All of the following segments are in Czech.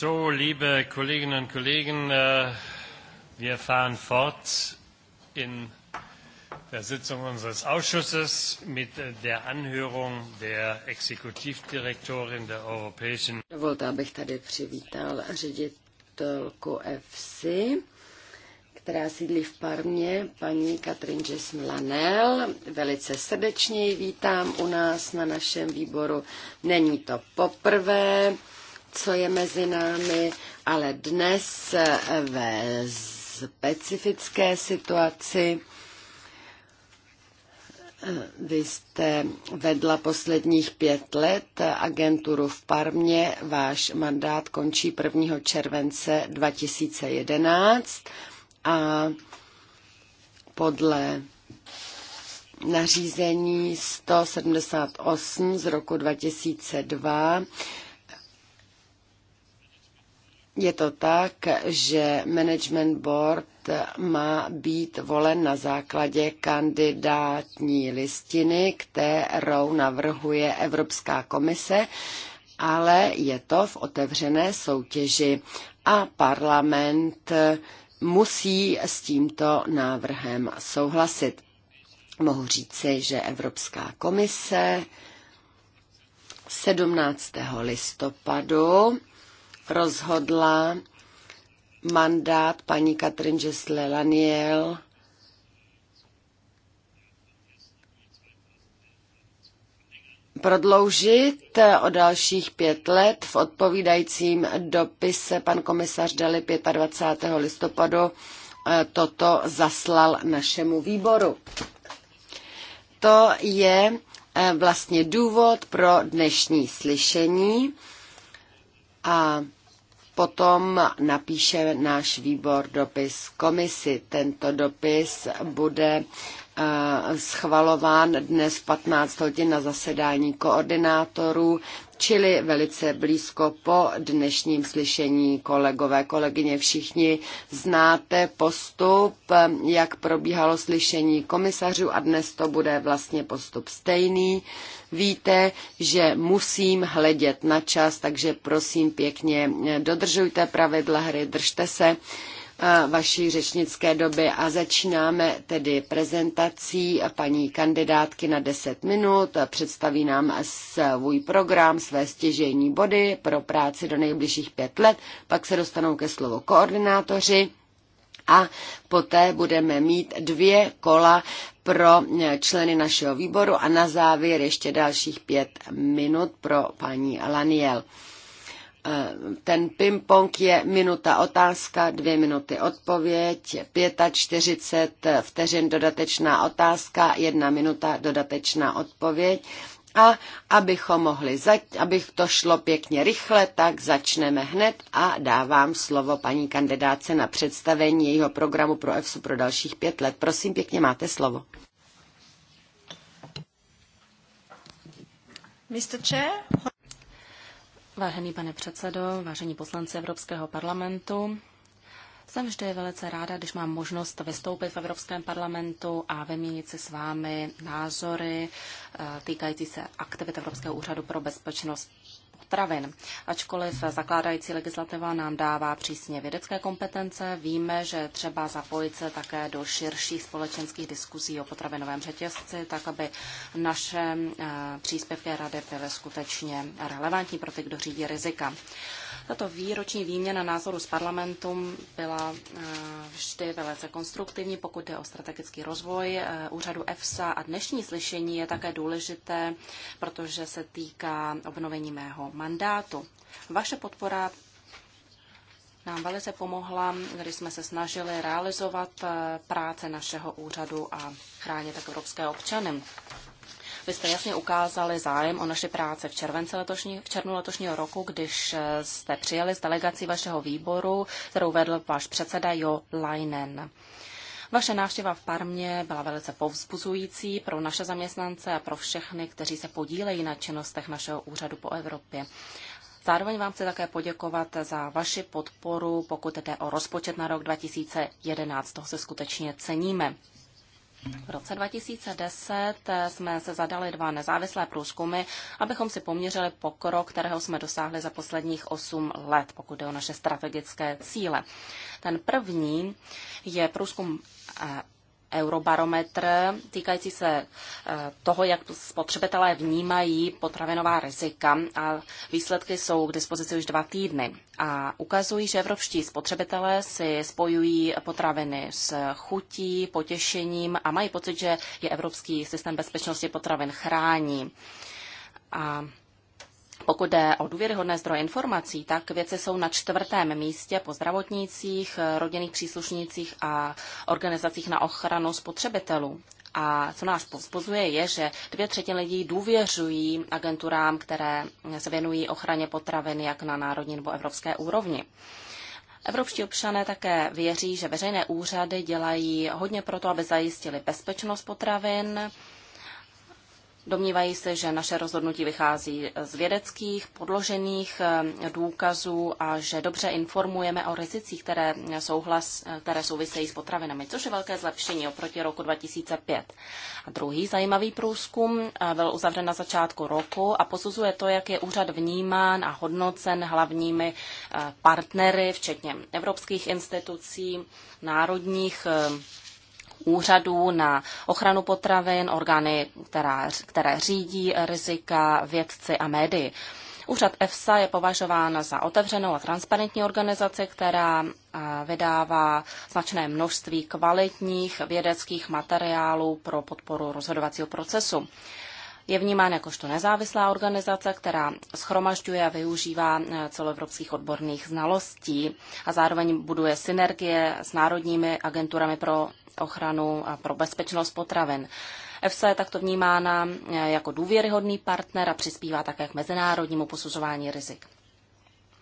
So, liebe Kolleginnen und Kollegen, äh, wir fahren fort in der Sitzung unseres Ausschusses mit äh, der Anhörung der Exekutivdirektorin der Europäischen Dovolte, abych tady přivítal ředitelku EFSI, která sídlí v Parmě, paní Katrin Lanel. Velice srdečně ji vítám u nás na našem výboru. Není to poprvé co je mezi námi, ale dnes ve specifické situaci vy jste vedla posledních pět let agenturu v Parmě. Váš mandát končí 1. července 2011 a podle nařízení 178 z roku 2002 je to tak, že management board má být volen na základě kandidátní listiny, kterou navrhuje Evropská komise, ale je to v otevřené soutěži a parlament musí s tímto návrhem souhlasit. Mohu říci, že Evropská komise 17. listopadu rozhodla mandát paní Katrin Jesle Laniel prodloužit o dalších pět let. V odpovídajícím dopise pan komisař Dali 25. listopadu eh, toto zaslal našemu výboru. To je eh, vlastně důvod pro dnešní slyšení a Potom napíše náš výbor dopis komisi. Tento dopis bude eh, schvalován dnes v 15 hodin na zasedání koordinátorů čili velice blízko po dnešním slyšení kolegové, kolegyně. Všichni znáte postup, jak probíhalo slyšení komisařů a dnes to bude vlastně postup stejný. Víte, že musím hledět na čas, takže prosím pěkně dodržujte pravidla hry, držte se vaší řečnické doby a začínáme tedy prezentací paní kandidátky na 10 minut. Představí nám svůj program, své stěžení body pro práci do nejbližších pět let, pak se dostanou ke slovu koordinátoři a poté budeme mít dvě kola pro členy našeho výboru a na závěr ještě dalších pět minut pro paní Laniel. Eh, ten ping-pong je minuta otázka, dvě minuty odpověď, 45 vteřin dodatečná otázka, jedna minuta dodatečná odpověď. A abychom mohli, zač- abych to šlo pěkně rychle, tak začneme hned a dávám slovo paní kandidáce na představení jejího programu pro EFSU pro dalších pět let. Prosím, pěkně máte slovo. Mr. Chair, Vážený pane předsedo, vážení poslanci Evropského parlamentu, jsem vždy velice ráda, když mám možnost vystoupit v Evropském parlamentu a vyměnit si s vámi názory eh, týkající se aktivit Evropského úřadu pro bezpečnost potravin. Ačkoliv zakládající legislativa nám dává přísně vědecké kompetence, víme, že třeba zapojit se také do širších společenských diskuzí o potravinovém řetězci, tak aby naše eh, příspěvky rady byly skutečně relevantní pro ty, kdo řídí rizika. Tato výroční výměna názoru s parlamentem byla eh, vždy velice konstruktivní, pokud jde o strategický rozvoj eh, úřadu EFSA a dnešní slyšení je také důležité, protože se týká obnovení mého mandátu. Vaše podpora nám velice pomohla, když jsme se snažili realizovat eh, práce našeho úřadu a chránit tak evropské občany. Vy jste jasně ukázali zájem o naše práce v, července letošní, v červnu letošního roku, když eh, jste přijeli s delegací vašeho výboru, kterou vedl váš předseda Jo Leinen. Vaše návštěva v Parmě byla velice povzbuzující pro naše zaměstnance a pro všechny, kteří se podílejí na činnostech našeho úřadu po Evropě. Zároveň vám chci také poděkovat za vaši podporu, pokud jde o rozpočet na rok 2011. Toho se skutečně ceníme. V roce 2010 eh, jsme se zadali dva nezávislé průzkumy, abychom si poměřili pokrok, kterého jsme dosáhli za posledních 8 let, pokud jde o naše strategické cíle. Ten první je průzkum eh, eurobarometr týkající se eh, toho, jak spotřebitelé vnímají potravinová rizika a výsledky jsou k dispozici už dva týdny a ukazují, že evropští spotřebitelé si spojují potraviny s chutí, potěšením a mají pocit, že je evropský systém bezpečnosti potravin chrání. A pokud jde o důvěryhodné zdroje informací, tak věci jsou na čtvrtém místě po zdravotnících, rodinných příslušnících a organizacích na ochranu spotřebitelů. A co nás pozbuzuje, je, že dvě třetiny lidí důvěřují agenturám, které se věnují ochraně potravin jak na národní nebo evropské úrovni. Evropští občané také věří, že veřejné úřady dělají hodně pro to, aby zajistili bezpečnost potravin, Domnívají se, že naše rozhodnutí vychází z vědeckých podložených eh, důkazů a že dobře informujeme o rizicích, které, souhlas, které souvisejí s potravinami, což je velké zlepšení oproti roku 2005. A druhý zajímavý průzkum eh, byl uzavřen na začátku roku a posuzuje to, jak je úřad vnímán a hodnocen hlavními eh, partnery, včetně evropských institucí, národních úřadů na ochranu potravin, orgány, která, které řídí rizika, vědci a médii. Úřad EFSA je považován za otevřenou a transparentní organizaci, která vydává značné množství kvalitních vědeckých materiálů pro podporu rozhodovacího procesu. Je vnímán jakožto nezávislá organizace, která schromažďuje a využívá e, celoevropských odborných znalostí a zároveň buduje synergie s národními agenturami pro ochranu a pro bezpečnost potravin. EFSA je takto vnímána e, jako důvěryhodný partner a přispívá také k mezinárodnímu posuzování rizik.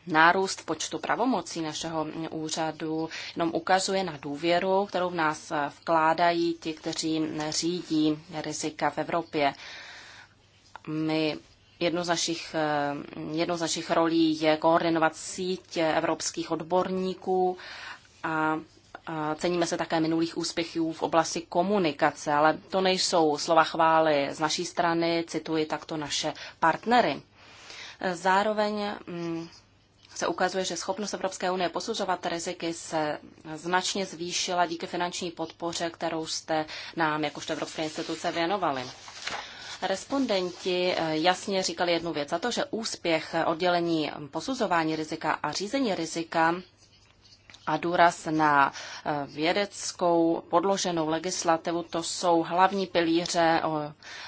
Nárůst v počtu pravomocí našeho úřadu jenom ukazuje na důvěru, kterou v nás e, vkládají ti, kteří řídí rizika v Evropě. My Jednou z, našich, e, jednou z našich rolí je koordinovat síť evropských odborníků a Ceníme se také minulých úspěchů v oblasti komunikace, ale to nejsou slova chvály z naší strany, cituji takto naše partnery. Zároveň mm, se ukazuje, že schopnost Evropské unie posuzovat riziky se značně zvýšila díky finanční podpoře, kterou jste nám jakožto Evropské instituce věnovali. Respondenti eh, jasně říkali jednu věc, a to, že úspěch oddělení posuzování rizika a řízení rizika a důraz na eh, vědeckou podloženou legislativu. To jsou hlavní pilíře o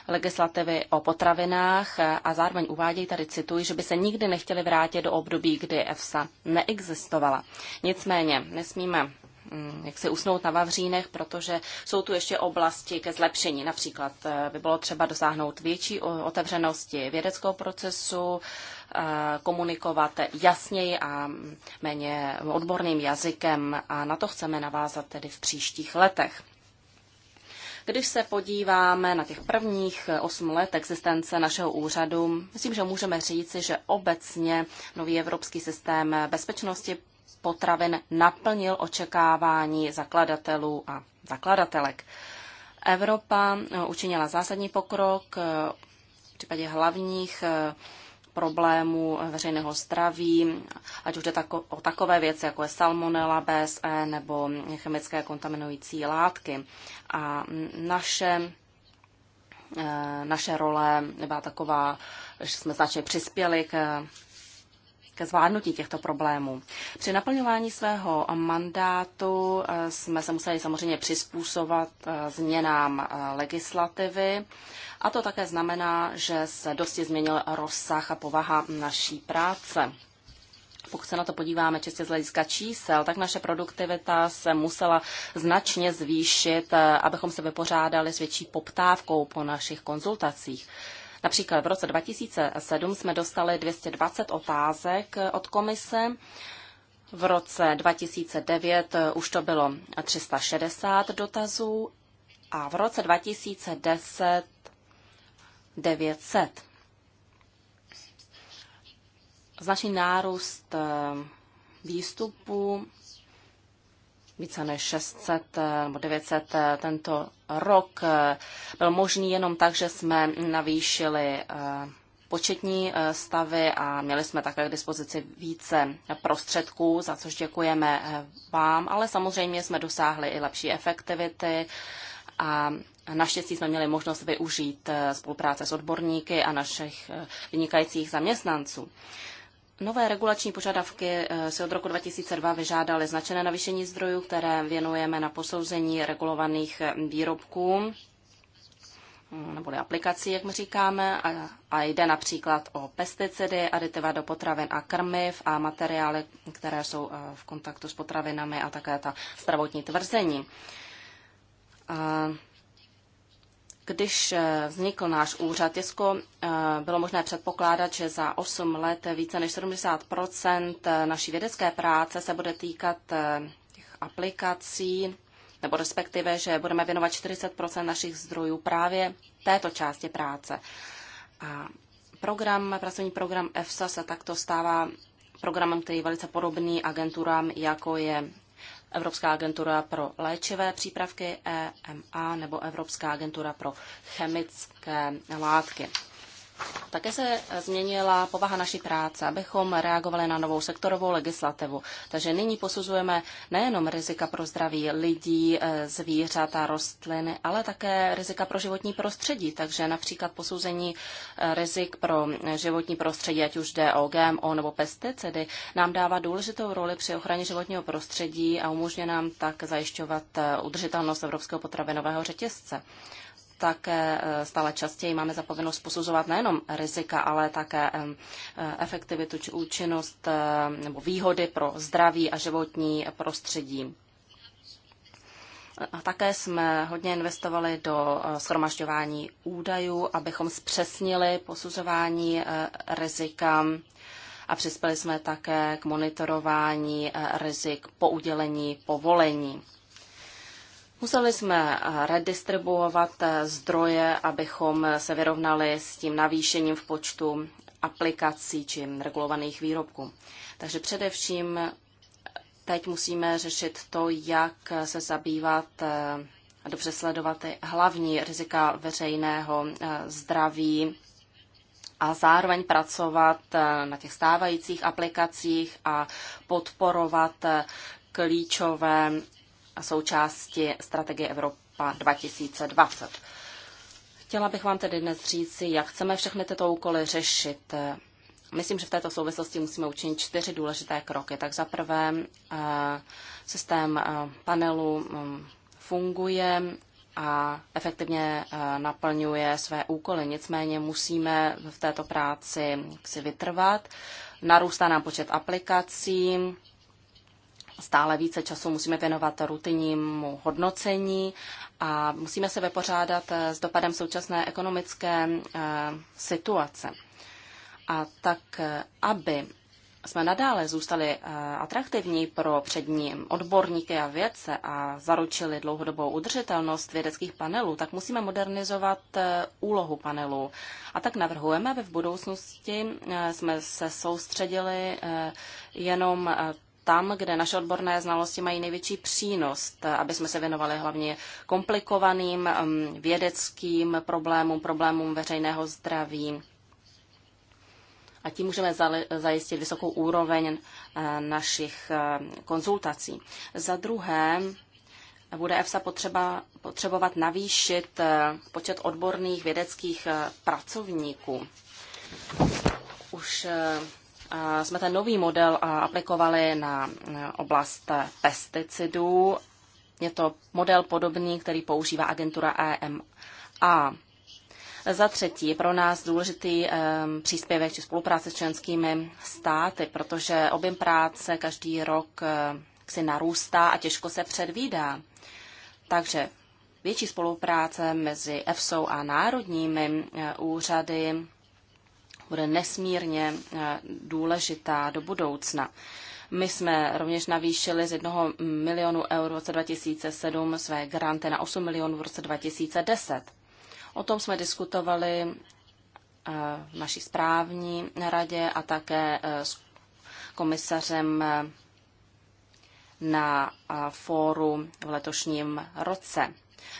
legislativy o potravinách eh, a zároveň uvádějí tady cituji, že by se nikdy nechtěli vrátit do období, kdy EFSA neexistovala. Nicméně nesmíme Mm, jak se usnout na Vavřínech, protože jsou tu ještě oblasti ke zlepšení. Například eh, by bylo třeba dosáhnout větší otevřenosti vědeckého procesu, eh, komunikovat jasněji a méně odborným jazykem a na to chceme navázat tedy v příštích letech. Když se podíváme na těch prvních eh, osm let existence našeho úřadu, myslím, že můžeme říci, že obecně nový evropský systém bezpečnosti potravin naplnil očekávání zakladatelů a zakladatelek. Evropa eh, učinila zásadní pokrok eh, v případě hlavních eh, problémů veřejného zdraví, ať už jde o takové věci, jako je salmonella, BSE nebo chemické kontaminující látky. A naše, naše role byla taková, že jsme značně přispěli k ke zvládnutí těchto problémů. Při naplňování svého mandátu eh, jsme se museli samozřejmě přizpůsobovat eh, změnám eh, legislativy a to také znamená, že se dosti změnil rozsah a povaha naší práce. Pokud se na to podíváme čistě z hlediska čísel, tak naše produktivita se musela značně zvýšit, abychom se vypořádali s větší poptávkou po našich konzultacích. Například v roce 2007 jsme dostali 220 otázek eh, od komise, v roce 2009 eh, už to bylo 360 dotazů a v roce 2010 900. Značný nárůst eh, výstupu více než 600 eh, nebo 900 eh, tento rok eh, byl možný jenom tak, že jsme navýšili početní stavy a měli jsme také k dispozici více prostředků, za což děkujeme vám, ale samozřejmě jsme dosáhli i lepší efektivity a naštěstí jsme měli možnost využít spolupráce s odborníky a našich vynikajících zaměstnanců. Nové regulační požadavky eh, se od roku 2002 vyžádaly značené navýšení zdrojů, které věnujeme na posouzení regulovaných eh, výrobků mm, neboli aplikací, jak my říkáme, a, a jde například o pesticidy, aditiva do potravin a krmiv a materiály, které jsou eh, v kontaktu s potravinami a také ta zdravotní tvrzení. A když eh, vznikl náš úřad Jesko, eh, bylo možné předpokládat, že za 8 let více než 70 eh, naší vědecké práce se bude týkat těch aplikací, nebo respektive, že budeme věnovat 40 našich zdrojů právě této části práce. A program, pracovní program EFSA se takto stává programem, který je velice podobný agenturám, jako je Evropská agentura pro léčivé přípravky EMA nebo Evropská agentura pro chemické látky. Také se změnila povaha naší práce, abychom reagovali na novou sektorovou legislativu. Takže nyní posuzujeme nejenom rizika pro zdraví lidí, eh, zvířat a rostliny, ale také rizika pro životní prostředí. Takže například posouzení eh, rizik pro eh, životní prostředí, ať už jde o GMO nebo pesticidy, nám dává důležitou roli při ochraně životního prostředí a umožňuje nám tak zajišťovat udržitelnost evropského potravinového řetězce také eh, stále častěji máme zapovinnost posuzovat nejenom rizika, ale také eh, eh, efektivitu či účinnost nebo výhody pro zdraví a životní prostředí. A také jsme hodně investovali do schromažďování údajů, abychom zpřesnili posuzování rizika a přispěli jsme také k monitorování rizik po udělení povolení. Museli jsme eh, redistribuovat eh, zdroje, abychom eh, se vyrovnali s tím navýšením v počtu aplikací či regulovaných výrobků. Takže především teď musíme řešit to, jak se zabývat a dobře sledovat hlavní rizika veřejného zdraví a zároveň pracovat na těch stávajících aplikacích a podporovat klíčové součásti strategie Evropa 2020. Chtěla bych vám tedy dnes říci, jak chceme všechny tyto úkoly řešit. Myslím, že v této souvislosti musíme učinit čtyři důležité kroky. Tak za prvé, eh, systém eh, panelu mm, funguje a efektivně eh, naplňuje své úkoly. Nicméně musíme v této práci si vytrvat. Narůstá nám počet aplikací, stále více času musíme věnovat rutinnímu hodnocení a musíme se vypořádat eh, s dopadem současné ekonomické eh, situace. A tak, eh, aby jsme nadále zůstali atraktivní pro přední odborníky a vědce a zaručili dlouhodobou udržitelnost vědeckých panelů, tak musíme modernizovat úlohu panelů. A tak navrhujeme, aby v budoucnosti jsme se soustředili jenom tam, kde naše odborné znalosti mají největší přínos, aby jsme se věnovali hlavně komplikovaným um, vědeckým problémům, problémům veřejného zdraví. A tím můžeme zajistit vysokou úroveň uh, našich uh, konzultací. Za druhé, bude EFSA potřeba, potřebovat navýšit uh, počet odborných vědeckých pracovníků. Už jsme ten nový model aplikovali na oblast pesticidů. Je to model podobný, který používá agentura EMA. Za třetí je pro nás důležitý eh, příspěvek či spolupráce s členskými státy, protože objem práce každý rok eh, si narůstá a těžko se předvídá. Takže větší spolupráce mezi EFSO a národními eh, úřady bude nesmírně eh, důležitá do budoucna. My jsme rovněž navýšili z 1 milionu eur v roce 2007 své granty na 8 milionů v roce 2010. O tom jsme diskutovali eh, v naší správní radě a také eh, s komisařem na fóru v letošním roce.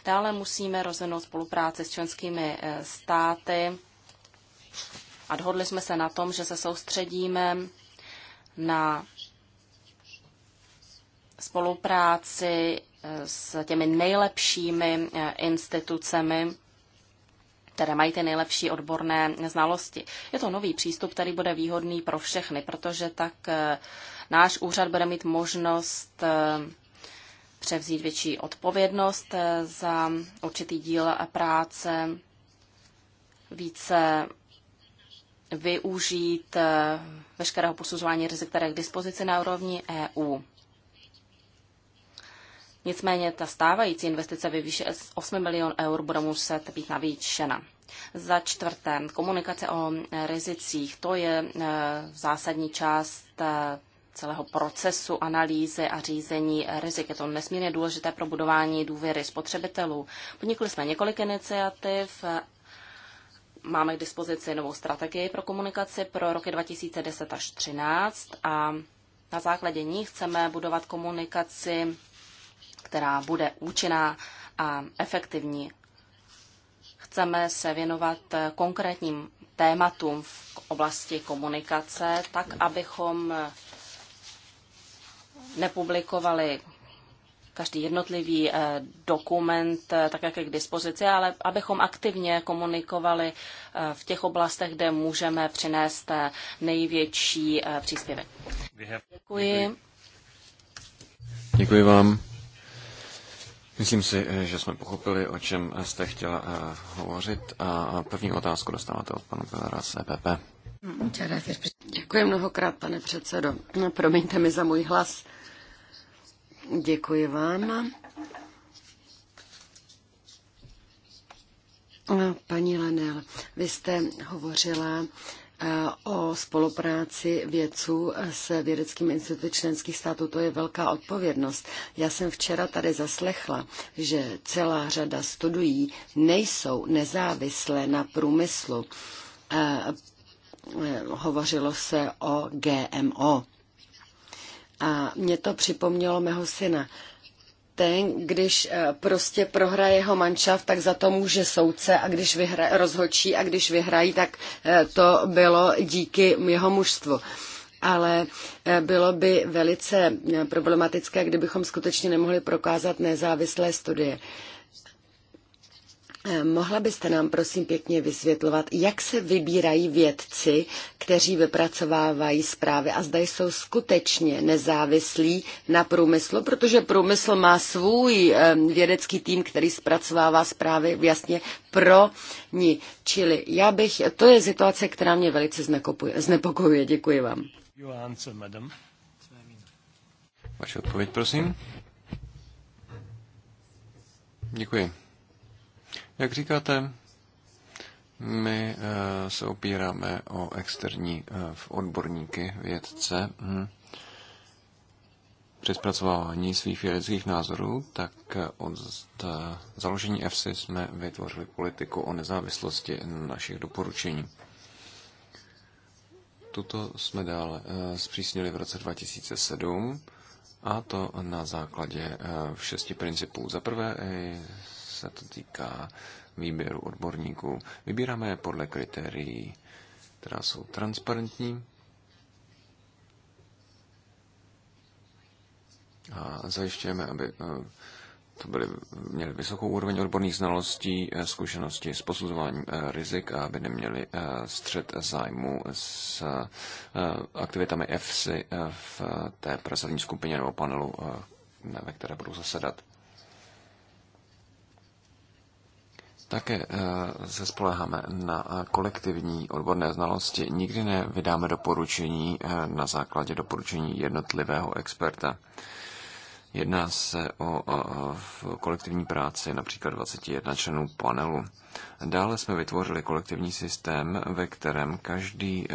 Dále musíme rozvinout spolupráci s členskými státy a dohodli jsme se na tom, že se soustředíme na spolupráci eh, s těmi nejlepšími eh, institucemi, které mají ty nejlepší odborné znalosti. Je to nový přístup, který bude výhodný pro všechny, protože tak eh, náš úřad bude mít možnost převzít větší odpovědnost za určitý díl práce, více využít eh, veškerého posuzování rizik, které je k dispozici na úrovni EU. Nicméně ta stávající investice ve výši 8 milion eur bude muset být navýšena. Za čtvrté, komunikace o eh, rizicích. To je eh, zásadní část celého procesu analýzy a řízení rizik. Je to nesmírně důležité pro budování důvěry spotřebitelů. Podnikli jsme několik iniciativ máme k dispozici novou strategii pro komunikaci pro roky 2010 až 2013 a na základě ní chceme budovat komunikaci, která bude účinná a efektivní. Chceme se věnovat konkrétním tématům v oblasti komunikace, tak abychom nepublikovali každý jednotlivý eh, dokument, eh, tak jak je k dispozici, ale abychom aktivně komunikovali eh, v těch oblastech, kde můžeme přinést největší příspěvek. Děkuji. Děkuji vám. Myslím si, že jsme pochopili, o čem jste chtěla hovořit a první otázku dostáváte od pana Pilara z EPP. Děkuji mnohokrát, pane předsedo. Promiňte mi za můj hlas. Děkuji vám. Paní Lanel, vy jste hovořila eh, o spolupráci vědců s vědeckým institutem členských států. To je velká odpovědnost. Já jsem včera tady zaslechla, že celá řada studií nejsou nezávislé na průmyslu. Eh, eh, hovořilo se o GMO. A mě to připomnělo mého syna. Ten, když eh, prostě prohraje jeho manšaft, tak za to může soudce a když vyhra, rozhočí a když vyhrají, tak eh, to bylo díky jeho mužstvu ale eh, bylo by velice problematické, kdybychom skutečně nemohli prokázat nezávislé studie. Eh, mohla byste nám prosím pěkně vysvětlovat, jak se vybírají vědci, kteří vypracovávají zprávy a zda jsou skutečně nezávislí na průmyslu, protože průmysl má svůj eh, vědecký tým, který zpracovává zprávy jasně pro ní. Čili já bych, to je situace, která mě velice znepokojuje. Děkuji vám. Vaše odpověď, prosím. Děkuji. Jak říkáte, my eh, se opíráme o externí eh, odborníky, vědce. Hm. Při zpracování svých vědeckých názorů, tak eh, od založení EFSI jsme vytvořili politiku o nezávislosti našich doporučení. Tuto jsme dále zpřísnili v roce 2007 a to na základě šesti principů. Za prvé se to týká výběru odborníků. Vybíráme je podle kritérií, která jsou transparentní a zajišťujeme, aby eh, to byly, měli vysokou úroveň odborných znalostí, eh, zkušenosti s posuzováním eh, rizik a aby neměli střed zájmu s aktivitami FC v té pracovní skupině nebo panelu, ve které budou zasedat. Také eh, se spoleháme na eh, kolektivní odborné znalosti. Nikdy nevydáme doporučení eh, na základě doporučení jednotlivého experta. Jedná se o, o kolektivní práci například 21 členů panelu. Dále jsme vytvořili kolektivní systém, ve kterém každý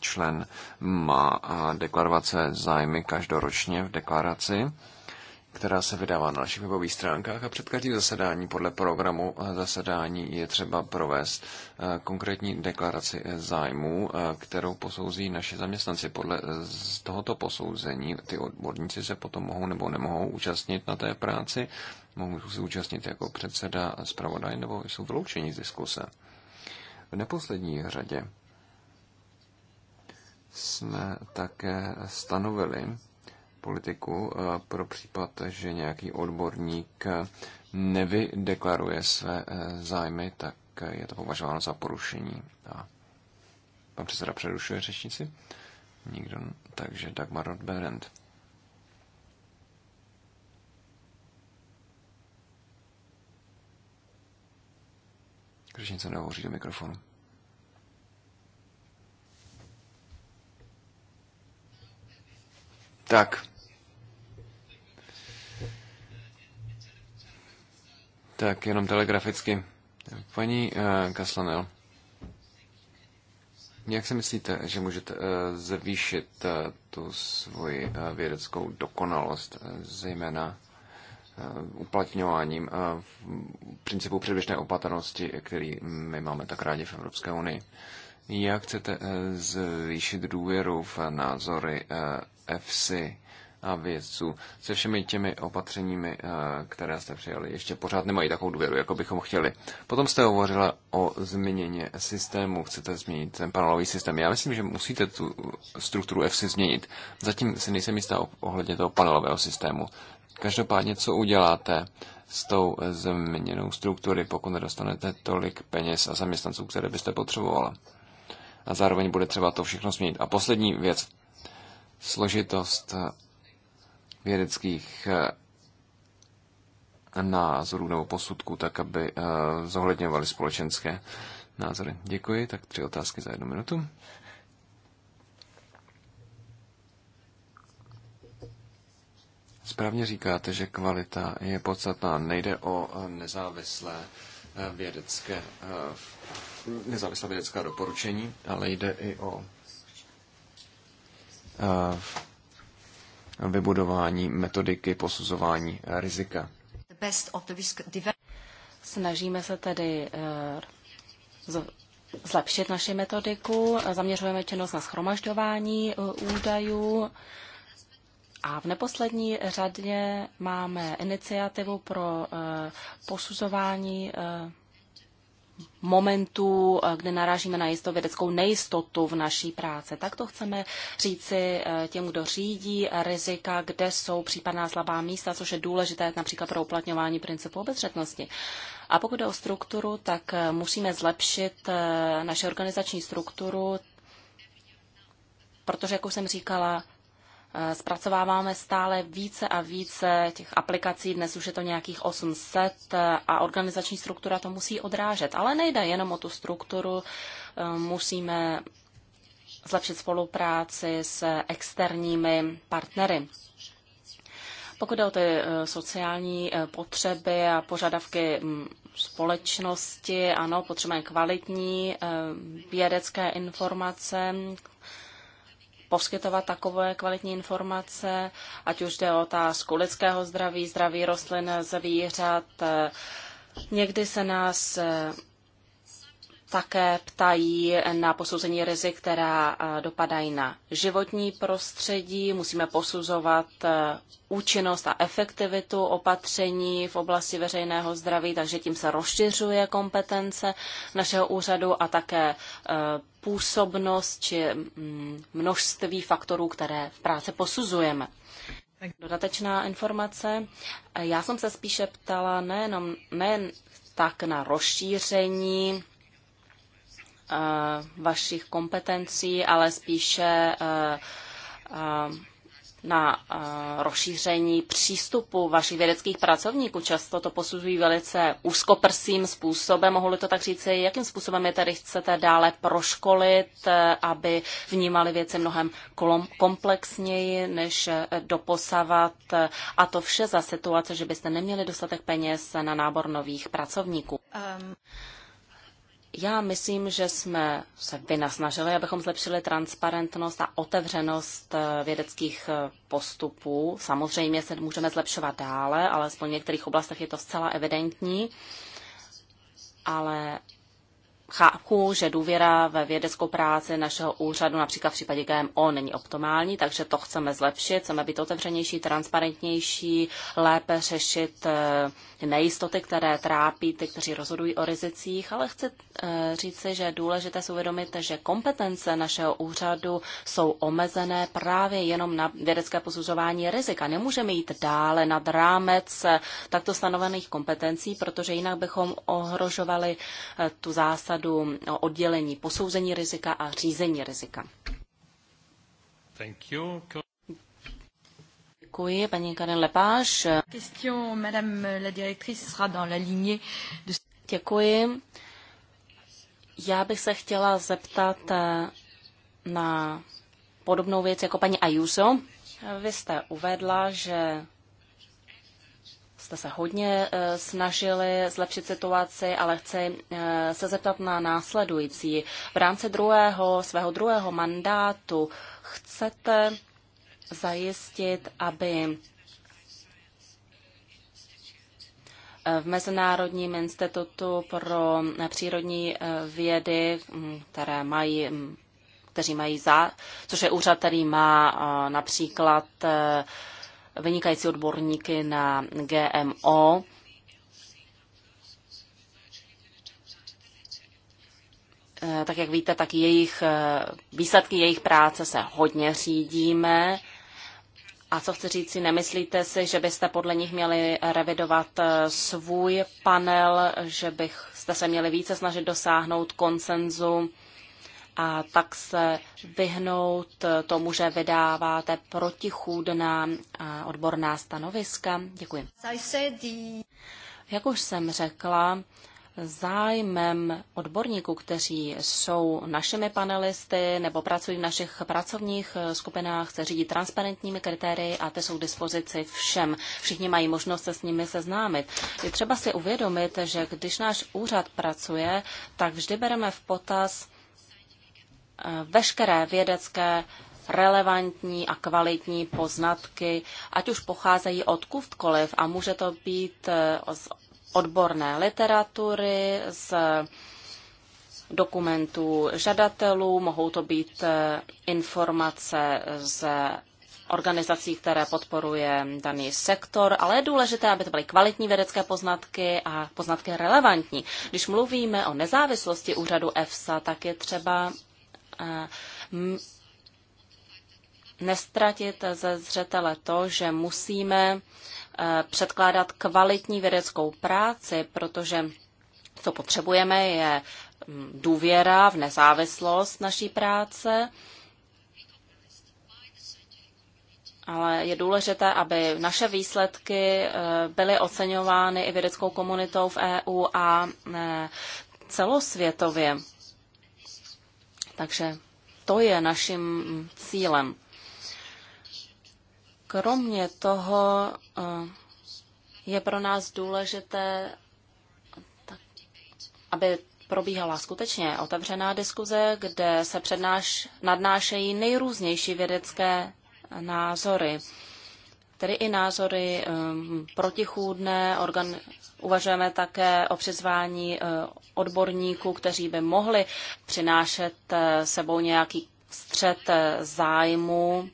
člen má deklarovat své zájmy každoročně v deklaraci která se vydává na našich webových stránkách a před každým zasedání podle programu eh, zasedání je třeba provést eh, konkrétní deklaraci eh, zájmů, kterou posouzí naše zaměstnanci. Podle z tohoto posouzení ty odborníci se potom mohou nebo nemohou účastnit na té práci, mohou se účastnit jako předseda, zpravodaj nebo jsou vyloučeni z diskuse. V neposlední řadě jsme také stanovili, politiku eh, pro případ, že nějaký odborník eh, nevydeklaruje své eh, zájmy, tak je to považováno za porušení. A pan předseda přerušuje řečnici? Nikdo, takže Dagmar Rodberend. Řečnice nehovoří do mikrofonu. Tak, Tak jenom telegraficky. Paní uh, Kaslanel, jak si myslíte, že můžete uh, zvýšit uh, tu svoji uh, vědeckou dokonalost, uh, zejména uplatňováním principu předběžné opatrnosti, který my máme tak rádi v Evropské unii. Jak chcete zvýšit důvěru v názory FC? a vědců se všemi těmi opatřeními, eh, které jste přijali, ještě pořád nemají takovou důvěru, jako bychom chtěli. Potom jste hovořila o změně systému, chcete změnit ten panelový systém. Já myslím, že musíte tu strukturu FC změnit. Zatím si nejsem jistá ohledně toho panelového systému. Každopádně, co uděláte s tou změněnou struktury, pokud nedostanete tolik peněz a zaměstnanců, které byste potřebovala? A zároveň bude třeba to všechno změnit. A poslední věc. Složitost vědeckých eh, názorů nebo posudků, tak aby eh, zohledňovali společenské názory. Děkuji, tak tři otázky za jednu minutu. Správně říkáte, že kvalita je podstatná. Nejde o eh, nezávislé vědecké, nezávislá vědecká doporučení, ale jde i o vybudování metodiky posuzování rizika. Snažíme se tedy eh, zlepšit naši metodiku, zaměřujeme činnost na schromažďování eh, údajů a v neposlední řadě máme iniciativu pro eh, posuzování momentů, eh, kde narážíme na jistou vědeckou nejistotu v naší práci. Tak to chceme říci eh, těm, kdo řídí rizika, kde jsou případná slabá místa, což je důležité například pro uplatňování principu obezřetnosti. A pokud jde o strukturu, tak eh, musíme zlepšit naše organizační strukturu, protože, jak už jsem říkala, Eh, zpracováváme stále více a více těch aplikací, dnes už je to nějakých 800 eh, a organizační struktura to musí odrážet. Ale nejde jenom o tu strukturu, eh, musíme zlepšit spolupráci s externími partnery. Pokud jde o ty sociální potřeby a požadavky mm, společnosti, ano, potřebujeme kvalitní vědecké informace, poskytovat takové kvalitní informace, ať už jde o otázku lidského zdraví, zdraví rostlin, zvířat. Někdy se nás také ptají na posouzení rizik, která dopadají na životní prostředí. Musíme posuzovat účinnost a efektivitu opatření v oblasti veřejného zdraví, takže tím se rozšiřuje kompetence našeho úřadu a také působnost či mm, množství faktorů, které v práci posuzujeme. Dodatečná informace. Já jsem se spíše ptala nejenom, nejen tak na rozšíření Eh, vašich kompetencí, ale spíše eh, eh, na rozšíření přístupu vašich vědeckých pracovníků. Často to posuzují velice úzkoprsým způsobem, mohu to tak říct, jakým způsobem je tady chcete dále proškolit, aby vnímali věci mnohem komplexněji než doposavat. A to vše za situace, že byste neměli dostatek peněz na nábor nových pracovníků. Um. Já myslím, že jsme se vynasnažili, abychom zlepšili transparentnost a otevřenost eh, vědeckých eh, postupů. Samozřejmě se můžeme zlepšovat dále, ale v některých oblastech je to zcela evidentní. Ale chápu, že důvěra ve vědeckou práci našeho úřadu, například v případě GMO, není optimální, takže to chceme zlepšit, chceme být otevřenější, transparentnější, lépe řešit eh, nejistoty, které trápí ty, kteří rozhodují o rizicích, ale chci eh, říci, že je důležité si uvědomit, že kompetence našeho úřadu jsou omezené právě jenom na vědecké posuzování rizika. Nemůžeme jít dále nad rámec eh, takto stanovených kompetencí, protože jinak bychom ohrožovali tu zásadu, základu oddělení posouzení rizika a řízení rizika. Thank you. Děkuji, paní Karen Lepáš. Question, madame la directrice, sera dans la lignée de... Děkuji. Já bych se chtěla zeptat eh, na podobnou věc jako paní Ayuso. Vy jste uvedla, že jste se hodně e, snažili zlepšit situaci, ale chci e, se zeptat na následující. V rámci druhého, svého druhého mandátu chcete zajistit, aby e, v Mezinárodním institutu pro přírodní vědy, které mají kteří mají za, což je úřad, který má například vynikající odborníky na GMO. Eh, tak jak víte, tak jejich, eh, výsledky jejich práce se hodně řídíme. A co chci říct, si nemyslíte si, že byste podle nich měli revidovat eh, svůj panel, že byste se měli více snažit dosáhnout konsenzu a tak se vyhnout tomu, že vydáváte protichůdná odborná stanoviska? Děkuji. Jak už jsem řekla, zájmem odborníků, kteří jsou našimi panelisty nebo pracují v našich pracovních skupinách, se řídí transparentními kritérii a ty jsou k dispozici všem. Všichni mají možnost se s nimi seznámit. Je třeba si uvědomit, že když náš úřad pracuje, tak vždy bereme v potaz veškeré vědecké relevantní a kvalitní poznatky, ať už pocházejí odkudkoliv a může to být eh, z odborné literatury, z dokumentů žadatelů, mohou to být eh, informace z organizací, které podporuje daný sektor, ale je důležité, aby to byly kvalitní vědecké poznatky a poznatky relevantní. Když mluvíme o nezávislosti úřadu EFSA, tak je třeba nestratit ze zřetele to, že musíme e, předkládat kvalitní vědeckou práci, protože co potřebujeme je důvěra v nezávislost naší práce, ale je důležité, aby naše výsledky e, byly oceňovány i vědeckou komunitou v EU a e, celosvětově. Takže to je naším cílem. Kromě toho eh, je pro nás důležité, aby probíhala skutečně otevřená diskuze, kde se přednáš, nadnášejí nejrůznější vědecké názory tedy i názory ehm, protichůdné. Organ... Uvažujeme také o přizvání eh, odborníků, kteří by mohli přinášet eh, sebou nějaký střed eh, zájmu,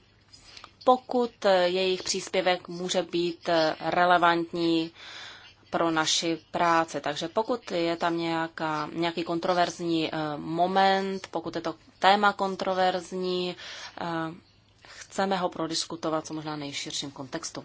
pokud jejich příspěvek může být relevantní pro naši práci. Takže pokud je tam nějaká, nějaký kontroverzní moment, pokud je to téma kontroverzní, chceme ho prodiskutovat co možná nejširším kontextu.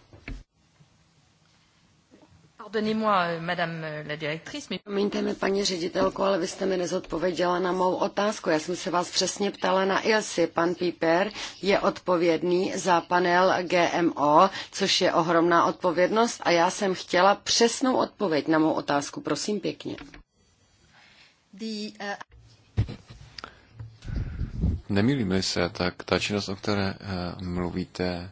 Euh, euh, Promiňte mi, paní ředitelko, ale vy jste mi nezodpověděla na mou otázku. Já jsem se vás přesně ptala na ILSI. Pan Piper je odpovědný za panel GMO, což je ohromná odpovědnost a já jsem chtěla přesnou odpověď na mou otázku. Prosím pěkně. Uh, Nemýlíme se, tak ta činnost, o které eh, mluvíte,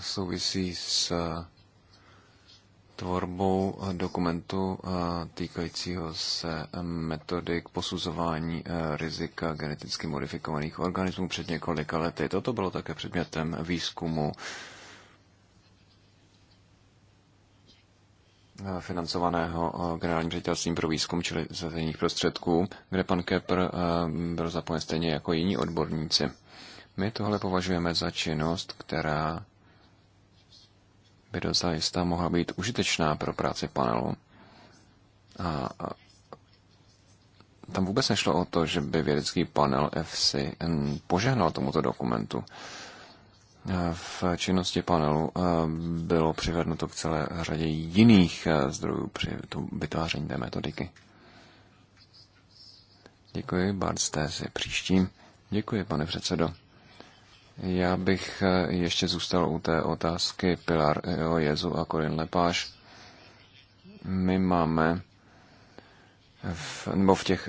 souvisí s eh, tvorbou dokumentu eh, týkajícího se metody k posuzování rizika geneticky modifikovaných organismů před několika lety. Toto bylo také předmětem výzkumu Eh, financovaného eh, generálním ředitelstvím pro výzkum, čili z veřejných prostředků, kde pan Kepr eh, byl zapojen stejně jako jiní odborníci. My tohle považujeme za činnost, která by dozajista mohla být užitečná pro práci panelu. A tam vůbec nešlo o to, že by vědecký panel FC hm, požehnal tomuto dokumentu v činnosti panelu eh, bylo přivednuto k celé řadě jiných eh, zdrojů při vytváření té metodiky. Děkuji, Bart, jste si příštím. Děkuji, pane předsedo. Já bych eh, ještě zůstal u té otázky Pilar o Jezu a Korin Lepáš. My máme v, nebo v těch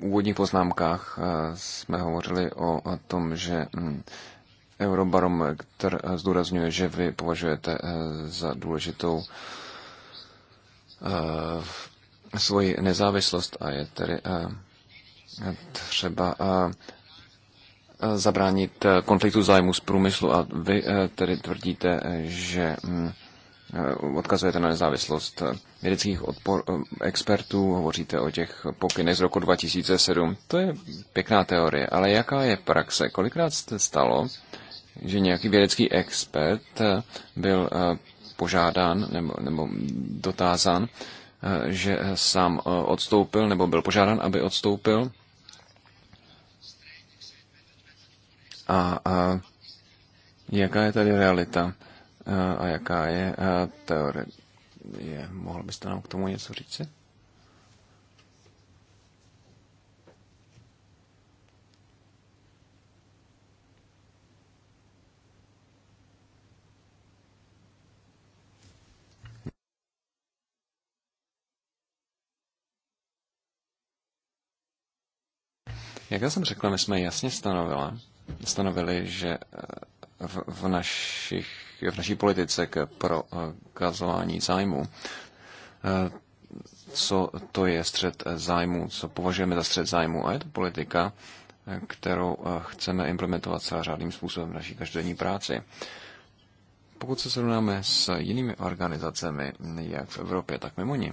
úvodních poznámkách jsme hovořili o tom, že hm, Eurobarometr eh, zdůrazňuje, že vy považujete eh, za důležitou eh, svoji nezávislost a je tedy třeba zabránit konfliktu zájmu z průmyslu a vy tedy tvrdíte, že hm, odkazujete na nezávislost vědeckých odpor, expertů, hovoříte o těch pokynech z roku 2007. To je pěkná teorie, ale jaká je praxe? Kolikrát se stalo, že nějaký vědecký expert eh, byl eh, požádán nebo, nebo dotázán, eh, že sám odstoupil nebo byl požádán, aby odstoupil. A, a jaká je tady realita a jaká je teorie? mohl byste nám k tomu něco říct? Jak já jsem řekl, my jsme jasně stanovili, stanovili, že eh, v, v, našich, v naší politice k prokazování eh, zájmu, eh, co to je střed zájmu, co považujeme za střed zájmu a je to politika, kterou chceme implementovat celá řádným způsobem v naší každodenní práci. Pokud se srovnáme s jinými organizacemi, jak v Evropě, tak mimo ní,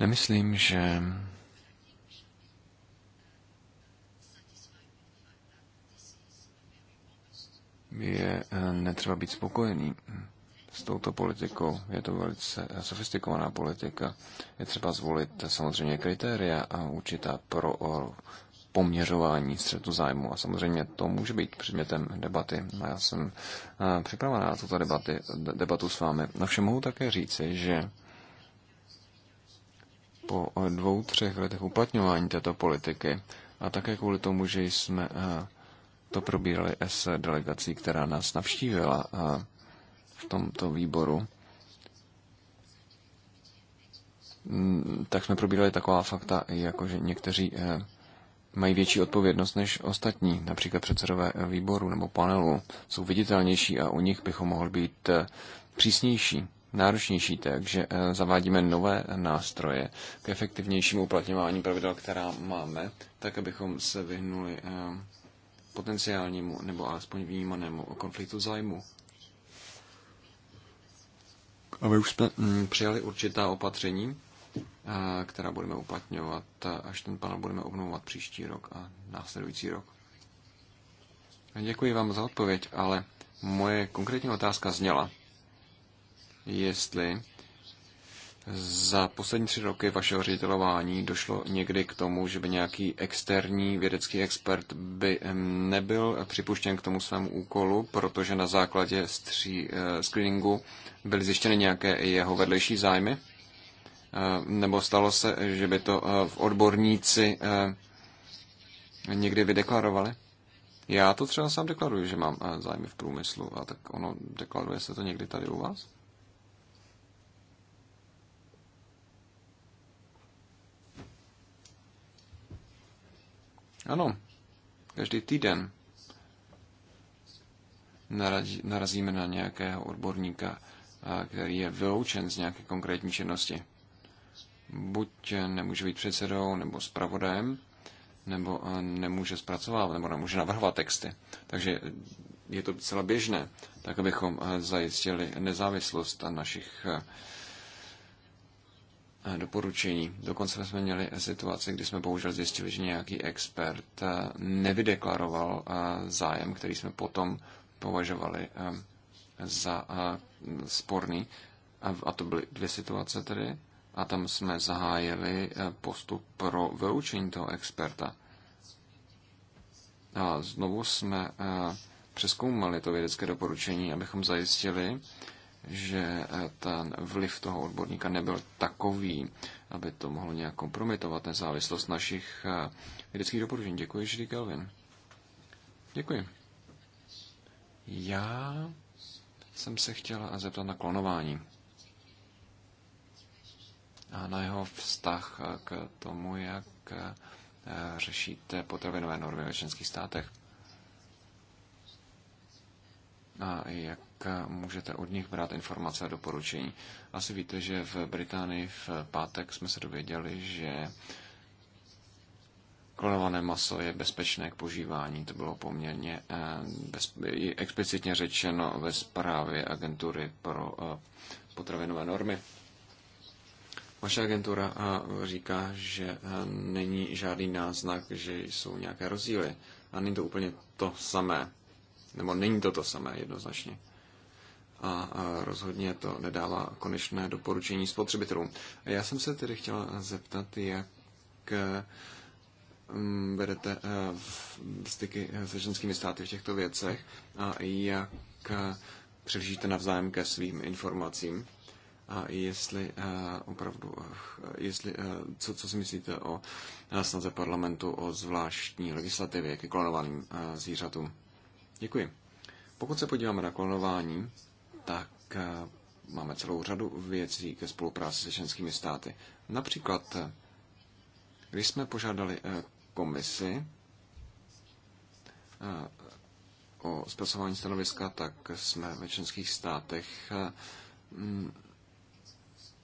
nemyslím, že je eh, netřeba být spokojený s touto politikou. Je to velice eh, sofistikovaná politika. Je třeba zvolit eh, samozřejmě kritéria a určitá pro poměřování střetu zájmu. A samozřejmě to může být předmětem debaty. A já jsem připravená na tuto debaty, debatu s vámi. Na vše mohu také říci, že po dvou, třech letech uplatňování této politiky a také kvůli tomu, že jsme to probírali s delegací, která nás navštívila v tomto výboru, mm, tak jsme probírali taková fakta, jako že někteří eh, mají větší odpovědnost než ostatní, například předsedové výboru nebo panelu, jsou viditelnější a u nich bychom mohli být eh, přísnější, náročnější, takže eh, zavádíme nové nástroje k efektivnějšímu uplatňování pravidel, která máme, tak abychom se vyhnuli potenciálnímu nebo alespoň vnímanému konfliktu zájmu. A my už jsme mm, přijali určitá opatření, která budeme uplatňovat, až ten panel budeme obnovovat příští rok a následující rok. Děkuji vám za odpověď, ale moje konkrétní otázka zněla, jestli za poslední tři roky vašeho ředitelování došlo někdy k tomu, že by nějaký externí vědecký expert by nebyl připuštěn k tomu svému úkolu, protože na základě stří, eh, screeningu byly zjištěny nějaké jeho vedlejší zájmy? Eh, nebo stalo se, že by to eh, v odborníci někdy vydeklarovali? Já to třeba sám deklaruji, že mám zájmy v průmyslu, a tak ono deklaruje se to někdy tady u vás? Ano, každý týden narazíme na nějakého odborníka, který je vyloučen z nějaké konkrétní činnosti. Buď nemůže být předsedou nebo zpravodajem, nebo nemůže zpracovat, nebo nemůže navrhovat texty. Takže je to celá běžné, tak abychom zajistili nezávislost našich Eh, doporučení. Dokonce jsme měli situaci, kdy jsme bohužel zjistili, že nějaký expert eh, nevydeklaroval eh, zájem, který jsme potom považovali za sporný. A to byly dvě situace tedy. A tam jsme zahájili postup pro vyloučení toho experta. A znovu jsme přeskoumali to vědecké doporučení, abychom zajistili, že eh, ten vliv toho odborníka nebyl takový, aby to mohlo nějak kompromitovat nezávislost našich eh, vědeckých doporučení. Děkuji, Židý Kelvin. Děkuji. Já jsem se chtěl zeptat na klonování a na jeho vztah eh, k tomu, jak řešíte potravinové normy ve členských státech a jak můžete od nich brát informace a doporučení. Asi víte, že v Británii v pátek jsme se dověděli, že klonované maso je bezpečné k požívání. To bylo poměrně eh, bez, explicitně řečeno ve zprávě agentury pro eh, potravinové normy. Vaše agentura eh, říká, že není žádný náznak, že jsou nějaké rozdíly. A není to úplně to samé. Nebo není to to samé jednoznačně. A rozhodně to nedává konečné doporučení spotřebitelům. Já jsem se tedy chtěla zeptat, jak eh, mm, vedete eh, styky eh, se ženskými státy v těchto věcech a jak přihlížíte navzájem ke svým informacím a jestli opravdu, jestli, co, co si myslíte o snaze parlamentu o zvláštní legislativě ke klonovaným zvířatům. Děkuji. Pokud se podíváme na klonování, tak eh, máme celou řadu věcí ke spolupráci se členskými státy. Například, eh, když jsme požádali eh, komisi o zpracování stanoviska, tak jsme ve členských státech mm,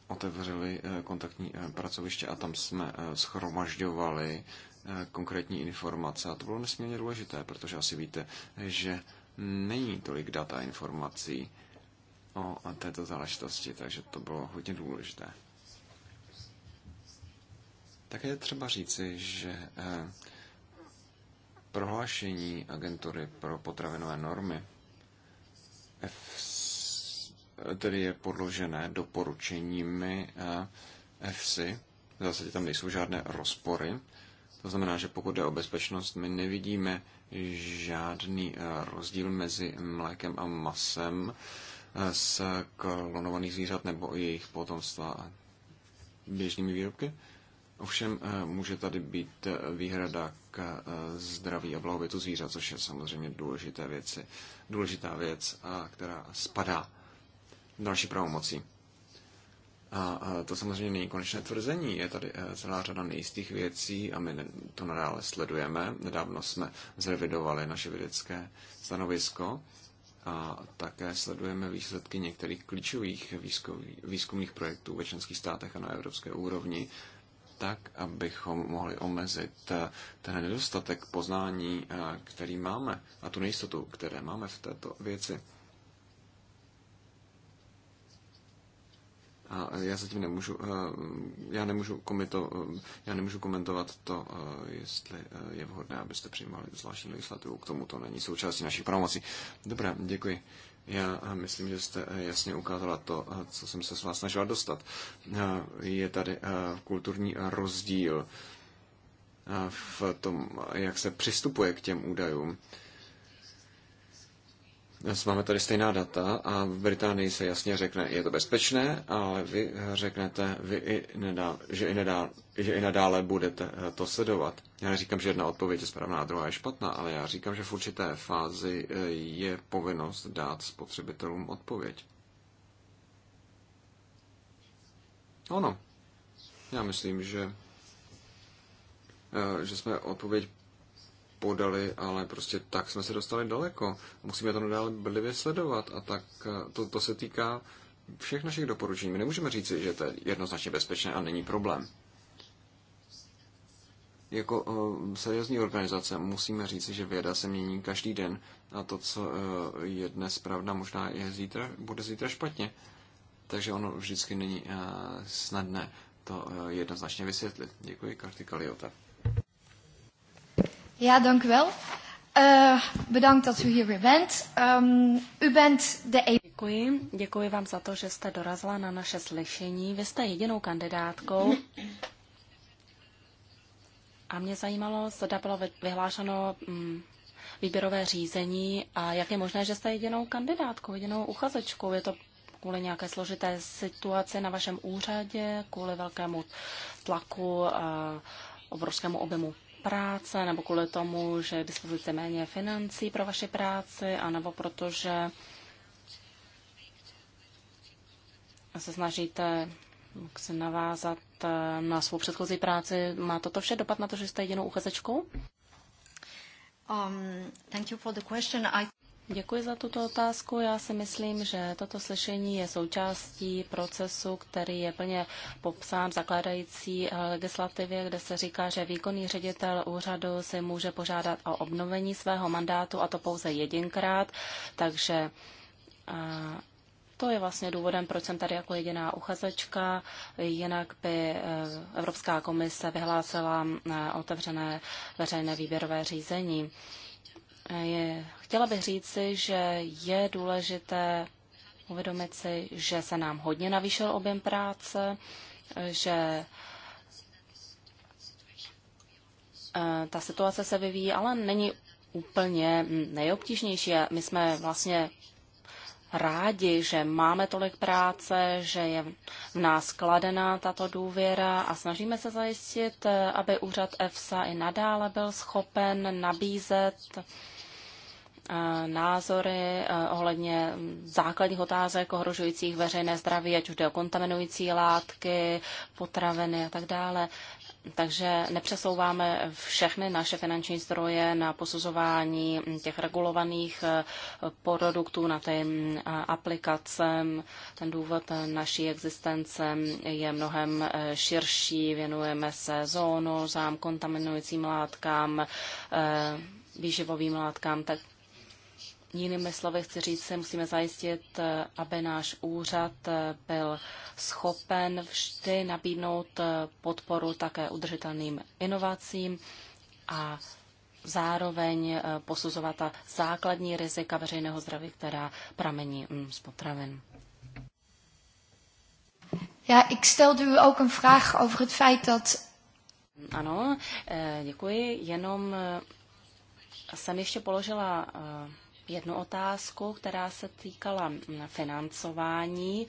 otevřeli kontaktní pracoviště a tam jsme schromažďovali Eh, konkrétní informace. A to bylo nesmírně důležité, protože asi víte, že není tolik dat a informací o této záležitosti, takže to bylo hodně důležité. Také je třeba říci, že eh, prohlášení agentury pro potravinové normy tedy je podložené doporučeními eh, FSI. V zásadě tam nejsou žádné rozpory to znamená, že pokud jde o bezpečnost, my nevidíme žádný eh, rozdíl mezi mlékem a masem eh, z klonovaných zvířat nebo jejich potomstva a běžnými výrobky. Ovšem eh, může tady být výhrada k zdraví a blahobytu zvířat, což je samozřejmě důležité věci, důležitá věc, a která spadá další pravomocí. A to samozřejmě není konečné tvrzení. Je tady eh, celá řada nejistých věcí a my to nadále sledujeme. Nedávno jsme zrevidovali naše vědecké stanovisko a také sledujeme výsledky některých klíčových výzkumných projektů ve členských státech a na evropské úrovni, tak, abychom mohli omezit eh, ten nedostatek poznání, eh, který máme a tu nejistotu, které máme v této věci. a já zatím nemůžu, eh, já nemůžu, komito, eh, já nemůžu komentovat to, eh, jestli je vhodné, abyste přijímali zvláštní legislativu. K tomu to není součástí našich pravomocí. Dobrá, děkuji. Já myslím, že jste jasně ukázala to, co jsem se s vás snažila dostat. Je tady kulturní rozdíl v tom, jak se přistupuje k těm údajům. Máme tady stejná data a v Británii se jasně řekne, je to bezpečné, ale vy řeknete, vy i nedá, že, i nedá, že i nadále budete eh, to sledovat. Já neříkám, že jedna odpověď je správná a druhá je špatná, ale já říkám, že v určité fázi eh, je povinnost dát spotřebitelům odpověď. Ono. Já myslím, že, eh, že jsme odpověď podali, ale prostě tak jsme se dostali daleko. Musíme to nadále blivě sledovat a tak eh, to, to se týká všech našich doporučení. My nemůžeme říci, že to je jednoznačně bezpečné a není problém. Jako uh, seriózní organizace musíme říci, že věda se mění každý den a to, co uh, je dnes pravda, možná je zítra, bude zítra špatně. Takže ono vždycky není uh, snadné to uh, jednoznačně vysvětlit. Děkuji, Karty Kaliota. Ja, dank u wel. Uh, bedankt dat u hier weer bent. Um, u bent de e- Děkuji. Děkuji vám za to, že jste dorazila na naše slyšení. Vy jste jedinou kandidátkou. A mě zajímalo, zda bylo vyhlášeno mm, výběrové řízení a jak je možné, že jste jedinou kandidátkou, jedinou uchazečkou. Je to kvůli nějaké složité situaci na vašem úřadě, kvůli velkému tlaku a obrovskému objemu práce, nebo kvůli tomu, že je méně financí pro vaši práci, anebo protože se snažíte se navázat eh, na svou předchozí práci. Má toto vše dopad na to, že jste jedinou uchazečkou? Um, thank you for the question. I... Děkuji za tuto otázku. Já si myslím, že toto slyšení je součástí procesu, který je plně popsán v zakládající eh, legislativě, kde se říká, že výkonný ředitel úřadu si může požádat o obnovení svého mandátu a to pouze jedinkrát. Takže eh, to je vlastně důvodem, proč jsem tady jako jediná uchazečka. Jinak by eh, Evropská komise vyhlásila otevřené veřejné výběrové řízení je, chtěla bych říci, že je důležité uvědomit si, že se nám hodně navýšil objem práce, že eh, ta situace se vyvíjí, ale není úplně nejobtížnější. My jsme vlastně rádi, že máme tolik práce, že je v nás kladená tato důvěra a snažíme se zajistit, eh, aby úřad EFSA i nadále byl schopen nabízet Eh, názory eh, ohledně mm, základních otázek ohrožujících veřejné zdraví, ať už jde o kontaminující látky, potraviny a tak dále. Takže nepřesouváme všechny naše finanční zdroje na posuzování mm, těch regulovaných eh, produktů, na ty mm, aplikace. Ten důvod naší existence je mnohem širší. Věnujeme se zám kontaminujícím látkám, výživovým látkám, tak Jinými slovy chci říct, že musíme zajistit, aby náš úřad byl schopen vždy nabídnout podporu také udržitelným inovacím a zároveň posuzovat ta základní rizika veřejného zdraví, která pramení mm, z potravin. Ja, ik stelde u ook een vraag over het feit dat... Ano, eh, děkuji. Jenom eh, jsem ještě položila eh, jednu otázku, která se týkala financování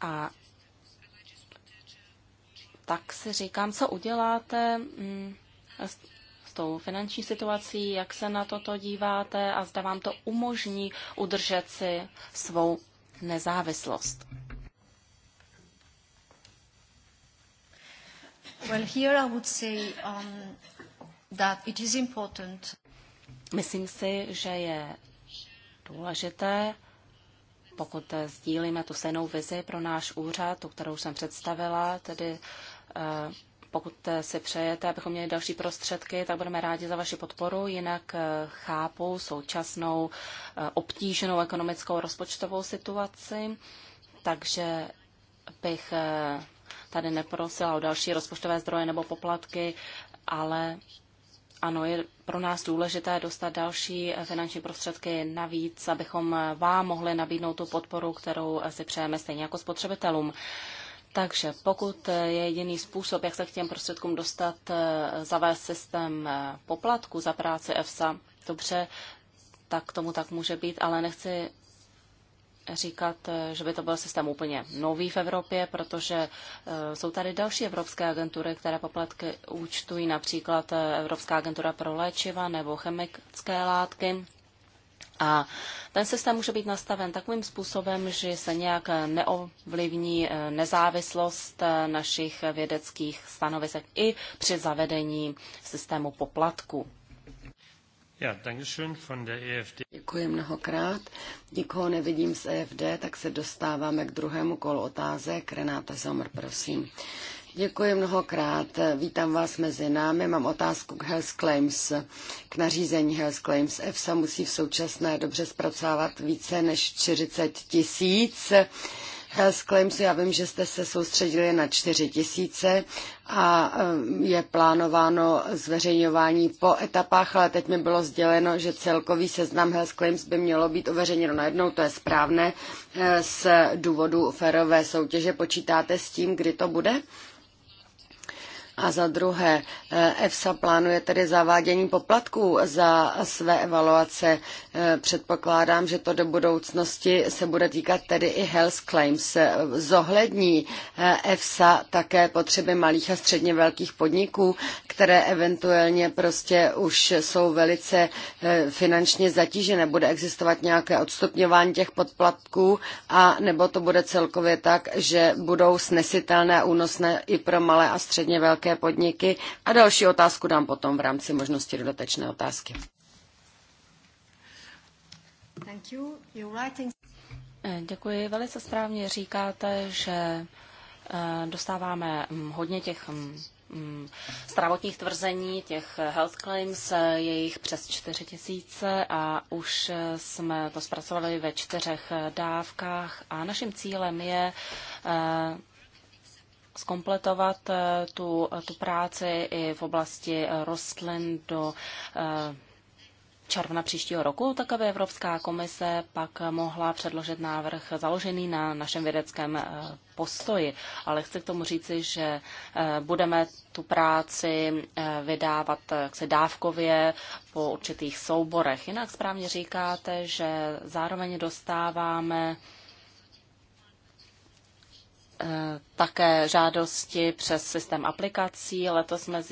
a tak si říkám, co uděláte mm, s tou finanční situací, jak se na toto díváte a zda vám to umožní udržet si svou nezávislost. Well, here I would say um, that it is important. Myslím si, že je důležité, pokud sdílíme tu stejnou vizi pro náš úřad, tu, kterou jsem představila, tedy eh, pokud si přejete, abychom měli další prostředky, tak budeme rádi za vaši podporu. Jinak eh, chápu současnou eh, obtížnou ekonomickou rozpočtovou situaci, takže bych tady neprosila o další rozpočtové zdroje nebo poplatky, ale ano, je pro nás důležité dostat další finanční prostředky navíc, abychom vám mohli nabídnout tu podporu, kterou si přejeme stejně jako spotřebitelům. Takže pokud je jediný způsob, jak se k těm prostředkům dostat, zavést systém poplatku za práci EFSA, dobře, tak tomu tak může být, ale nechci říkat, eh, že by to byl systém úplně nový v Evropě, protože eh, jsou tady další evropské agentury, které poplatky účtují, například eh, Evropská agentura pro léčiva nebo chemické látky. A ten systém může být nastaven takovým způsobem, že se nějak neovlivní nezávislost našich vědeckých stanovisek i při zavedení systému poplatku. Ja, von der EFD. Děkuji mnohokrát. Nikoho nevidím z EFD, tak se dostáváme k druhému kolu otázek. Renáta Zomr, prosím. Děkuji mnohokrát. Vítám vás mezi námi. Mám otázku k Health Claims, k nařízení Health Claims. EFSA musí v současné dobře zpracovat více než 40 tisíc 000 Health Claims, já vím, že jste se soustředili na 4 tisíce a um, je plánováno zveřejňování po etapách, ale teď mi bylo sděleno, že celkový seznam Health Claims by mělo být uveřejněno najednou, to je správné, eh, z důvodu férové soutěže. Počítáte s tím, kdy to bude? A za druhé, eh, EFSA plánuje tedy zavádění poplatků za své evaluace. Eh, předpokládám, že to do budoucnosti se bude týkat tedy i health claims. Zohlední eh, EFSA také potřeby malých a středně velkých podniků, které eventuálně prostě už jsou velice finančně zatížené. Bude existovat nějaké odstupňování těch podplatků a nebo to bude celkově tak, že budou snesitelné a únosné i pro malé a středně velké české podniky. A další otázku dám potom v rámci možnosti dodatečné otázky. Eh, děkuji. Velice správně říkáte, že eh, dostáváme hm, hodně těch hm, hm, zdravotních tvrzení, těch eh, health claims, je jich přes 4 tisíce a už jsme to zpracovali ve čtyřech dávkách a naším cílem je skompletovat eh, tu, eh, tu práci i v oblasti eh, rostlin do června příštího roku, tak aby Evropská komise pak mohla předložit návrh založený na našem vědeckém postoji. Ale chci k tomu říci, že budeme tu práci vydávat se dávkově po určitých souborech. Jinak správně říkáte, že zároveň dostáváme také žádosti přes systém aplikací. Letos jsme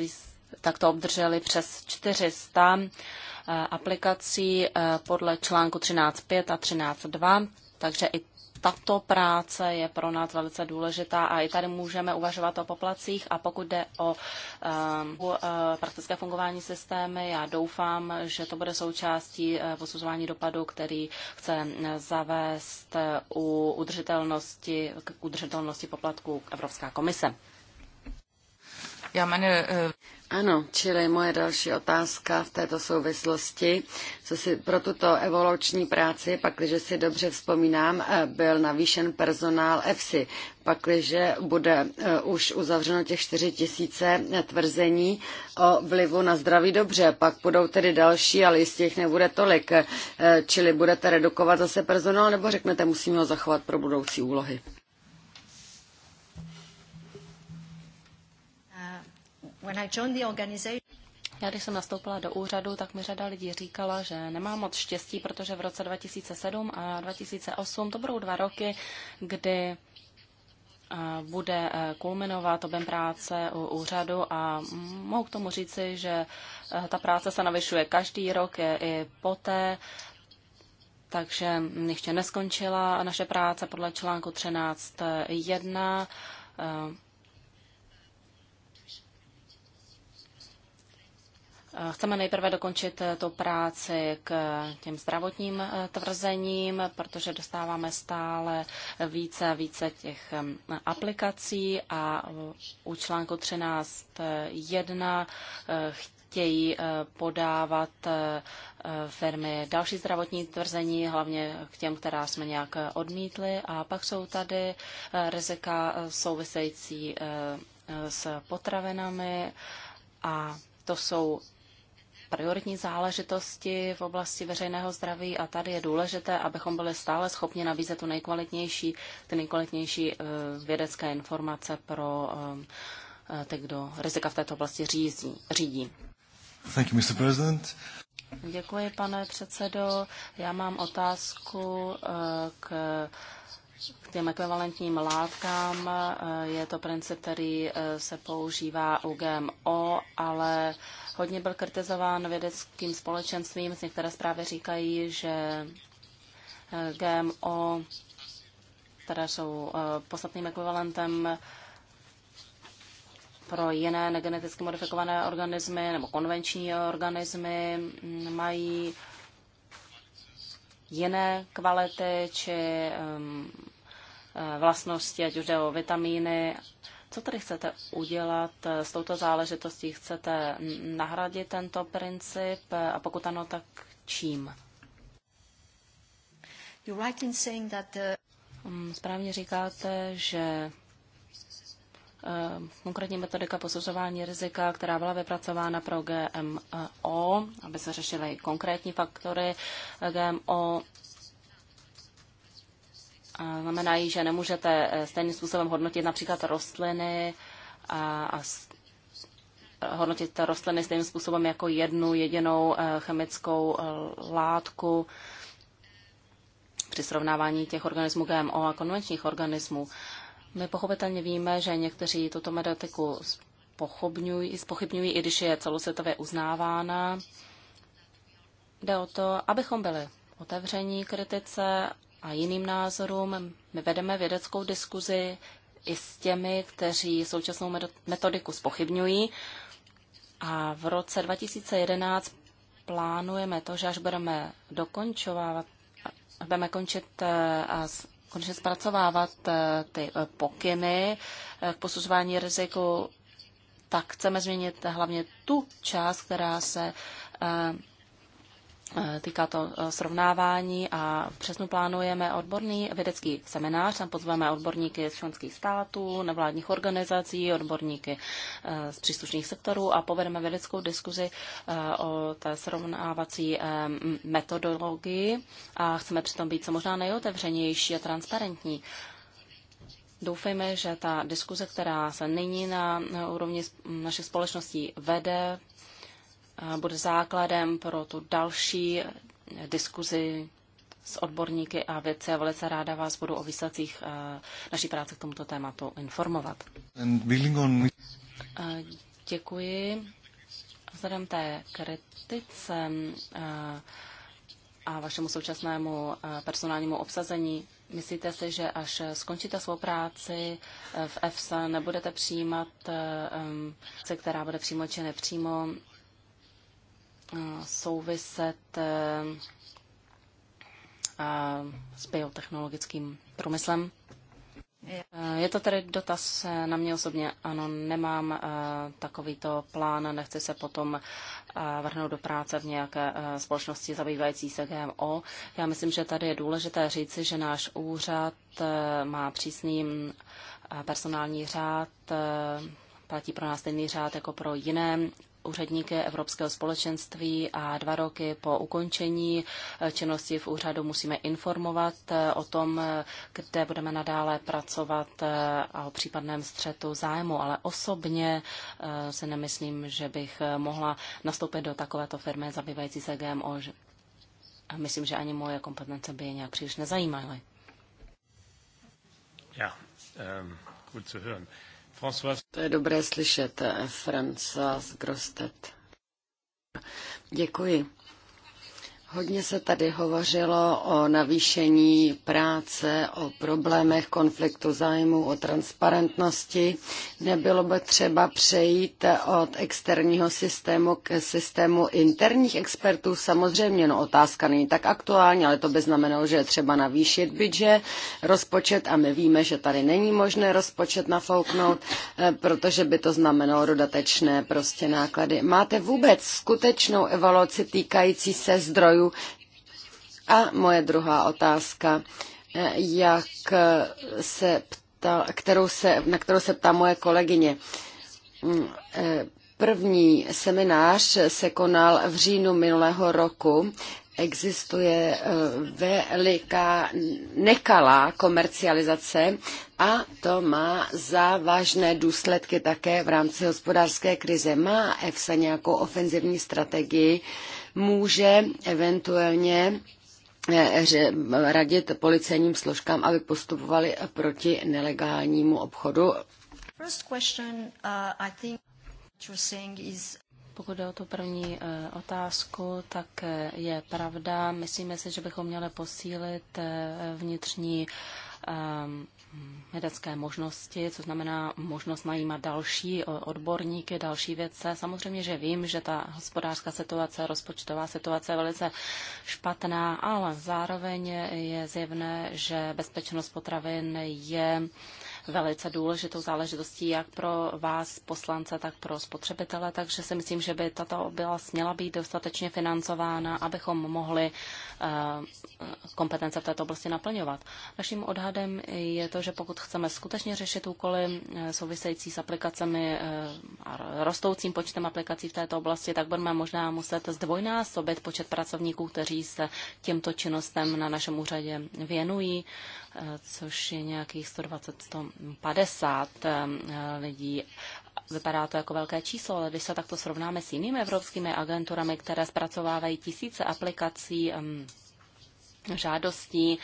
takto obdrželi přes 400 eh, aplikací eh, podle článku 13.5 a 13.2, takže i tato práce je pro nás velice důležitá a i tady můžeme uvažovat o poplacích a pokud jde o um, praktické fungování systémy, já doufám, že to bude součástí eh, posuzování dopadu, který chce eh, zavést u udržitelnosti, k udržitelnosti poplatků Evropská komise. Já eh, Ano, čili moje další otázka v této souvislosti, co si pro tuto evoluční práci, pakliže si dobře vzpomínám, eh, byl navýšen personál EFSI, pakliže bude eh, už uzavřeno těch 4 tisíce tvrzení o vlivu na zdraví dobře, pak budou tedy další, ale jistě jich nebude tolik, čili budete redukovat zase personál, nebo řeknete, musíme ho zachovat pro budoucí úlohy? When I joined the organization... Já když jsem nastoupila do úřadu, tak mi řada lidí říkala, že nemám moc štěstí, protože v roce 2007 a 2008 to budou dva roky, kdy eh, bude eh, kulminovat objem práce u úřadu a mohu k tomu říci, že eh, ta práce se navyšuje každý rok i poté, takže ještě neskončila naše práce podle článku 13.1. Chceme nejprve dokončit eh, tu práci k eh, těm zdravotním eh, tvrzením, protože dostáváme stále více a více těch aplikací a u článku 13.1 chtějí podávat firmy další zdravotní tvrzení, hlavně k těm, která jsme nějak odmítli. A pak jsou tady rizika související s potravinami a to jsou prioritní záležitosti v oblasti veřejného zdraví a tady je důležité, abychom byli stále schopni nabízet tu nejkvalitnější, ty nejkvalitnější eh, vědecké informace pro eh, ty, kdo rizika v této oblasti řízí, řídí. Thank you, Mr. President. Děkuji, pane předsedo. Já mám otázku eh, k k těm ekvivalentním látkám je to princip, který se používá u GMO, ale hodně byl kritizován vědeckým společenstvím. Některé zprávy říkají, že eh, GMO, které jsou eh, podstatným ekvivalentem pro jiné negeneticky modifikované organismy nebo konvenční organismy, mm, mají jiné kvality či ehm, eh, vlastnosti, ať už jde o vitamíny co tedy chcete udělat eh, s touto záležitostí? Chcete nahradit tento princip eh, a pokud ano, tak čím? Eh, mm, správně říkáte, že konkrétní metodika posuzování rizika, která byla vypracována pro GMO, aby se řešily konkrétní faktory GMO, znamenají, že nemůžete eh, stejným způsobem hodnotit například rostliny a, a hodnotit rostliny stejným způsobem jako jednu jedinou eh, chemickou eh, látku při srovnávání těch organismů GMO a konvenčních organismů. My pochopitelně víme, že někteří tuto metodiku spochybňují, i když je celosvětově uznávána. Jde o to, abychom byli otevření kritice a jiným názorům. My vedeme vědeckou diskuzi i s těmi, kteří současnou metodiku spochybňují. A v roce 2011 plánujeme to, že až budeme dokončovat, budeme končit eh, a konečně zpracovávat eh, ty eh, pokyny k posuzování riziku, tak chceme změnit hlavně tu část, která se Eh, týká to eh, srovnávání a přesně plánujeme odborný vědecký seminář. Tam pozveme odborníky z členských států, nevládních organizací, odborníky eh, z příslušných sektorů a povedeme vědeckou diskuzi o té srovnávací metodologii a chceme přitom být co možná nejotevřenější a transparentní. Doufejme, že ta diskuze, která se nyní na úrovni našich společností vede, bude základem pro tu další diskuzi s odborníky a vědci a velice ráda vás budu o výsledcích eh, naší práce k tomuto tématu informovat. Eh, děkuji. Vzhledem té kritice eh, a vašemu současnému personálnímu obsazení, myslíte si, že až skončíte svou práci v EFSA, nebudete přijímat se, která bude přímo či nepřímo Eh, souviset eh, eh, s biotechnologickým průmyslem. Je to tedy dotaz na mě osobně. Ano, nemám takovýto plán, nechci se potom vrhnout do práce v nějaké společnosti zabývající se GMO. Já myslím, že tady je důležité říci, že náš úřad má přísný personální řád, platí pro nás stejný řád jako pro jiné úředníky Evropského společenství a dva roky po ukončení eh, činnosti v úřadu musíme informovat eh, o tom, eh, kde budeme nadále pracovat a o případném střetu zájmu. Ale osobně se nemyslím, že bych mohla nastoupit do takovéto firmy zabývající se GMO. A myslím, že ani moje kompetence by je nějak příliš nezajímaly. Ja, ähm, gut zu hören. To je dobré slyšet, eh, Francois Grostet. Děkuji. Hodně se tady hovořilo o navýšení práce, o problémech konfliktu zájmu, o transparentnosti. Nebylo by třeba přejít od externího systému k systému interních expertů? Samozřejmě, no otázka není tak aktuální, ale to by znamenalo, že je třeba navýšit budget, rozpočet a my víme, že tady není možné rozpočet nafouknout, eh, protože by to znamenalo dodatečné prostě náklady. Máte vůbec skutečnou evaluaci týkající se zdrojů a moje druhá otázka, eh, jak eh, se pta, kterou se, na kterou se ptá moje kolegyně. Mm, eh, první seminář se konal v říjnu minulého roku existuje veliká nekalá komercializace a to má závažné důsledky také v rámci hospodářské krize. Má EFSA nějakou ofenzivní strategii může eventuálně eh, radit policejním složkám, aby postupovali proti nelegálnímu obchodu. Uh, Pokud jde o tu první eh, otázku, tak eh, je pravda. Myslíme si, že bychom měli posílit vnitřní vědecké ehm, možnosti, co znamená možnost najímat další odborníky, další vědce. Samozřejmě, že vím, že ta hospodářská situace, rozpočtová situace je velice špatná, ale zároveň je zjevné, že bezpečnost potravin je uh, velice důležitou záležitostí jak pro vás poslance, tak pro spotřebitele, takže si myslím, že by tato oblast měla být dostatečně financována, abychom mohli eh, kompetence v této oblasti naplňovat. Naším odhadem je to, že pokud chceme skutečně řešit úkoly eh, související s aplikacemi eh, a rostoucím počtem aplikací v této oblasti, tak budeme možná muset zdvojnásobit počet pracovníků, kteří se těmto činnostem na našem úřadě věnují což je nějakých 120-150 eh, lidí. Vypadá to jako velké číslo, ale když se takto srovnáme s jinými evropskými agenturami, které zpracovávají tisíce aplikací, žádostí,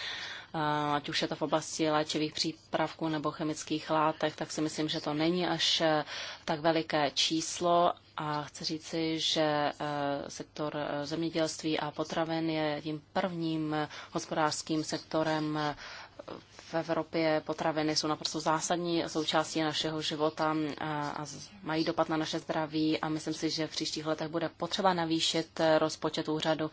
eh, ať už je to v oblasti léčivých přípravků nebo chemických látek, tak si myslím, že to není až eh, tak veliké číslo. A chci říci, že sektor zemědělství a potravin je tím prvním hospodářským sektorem v Evropě potraviny jsou naprosto zásadní součástí našeho života a mají dopad na naše zdraví a myslím si, že v příštích letech bude potřeba navýšit rozpočet úřadu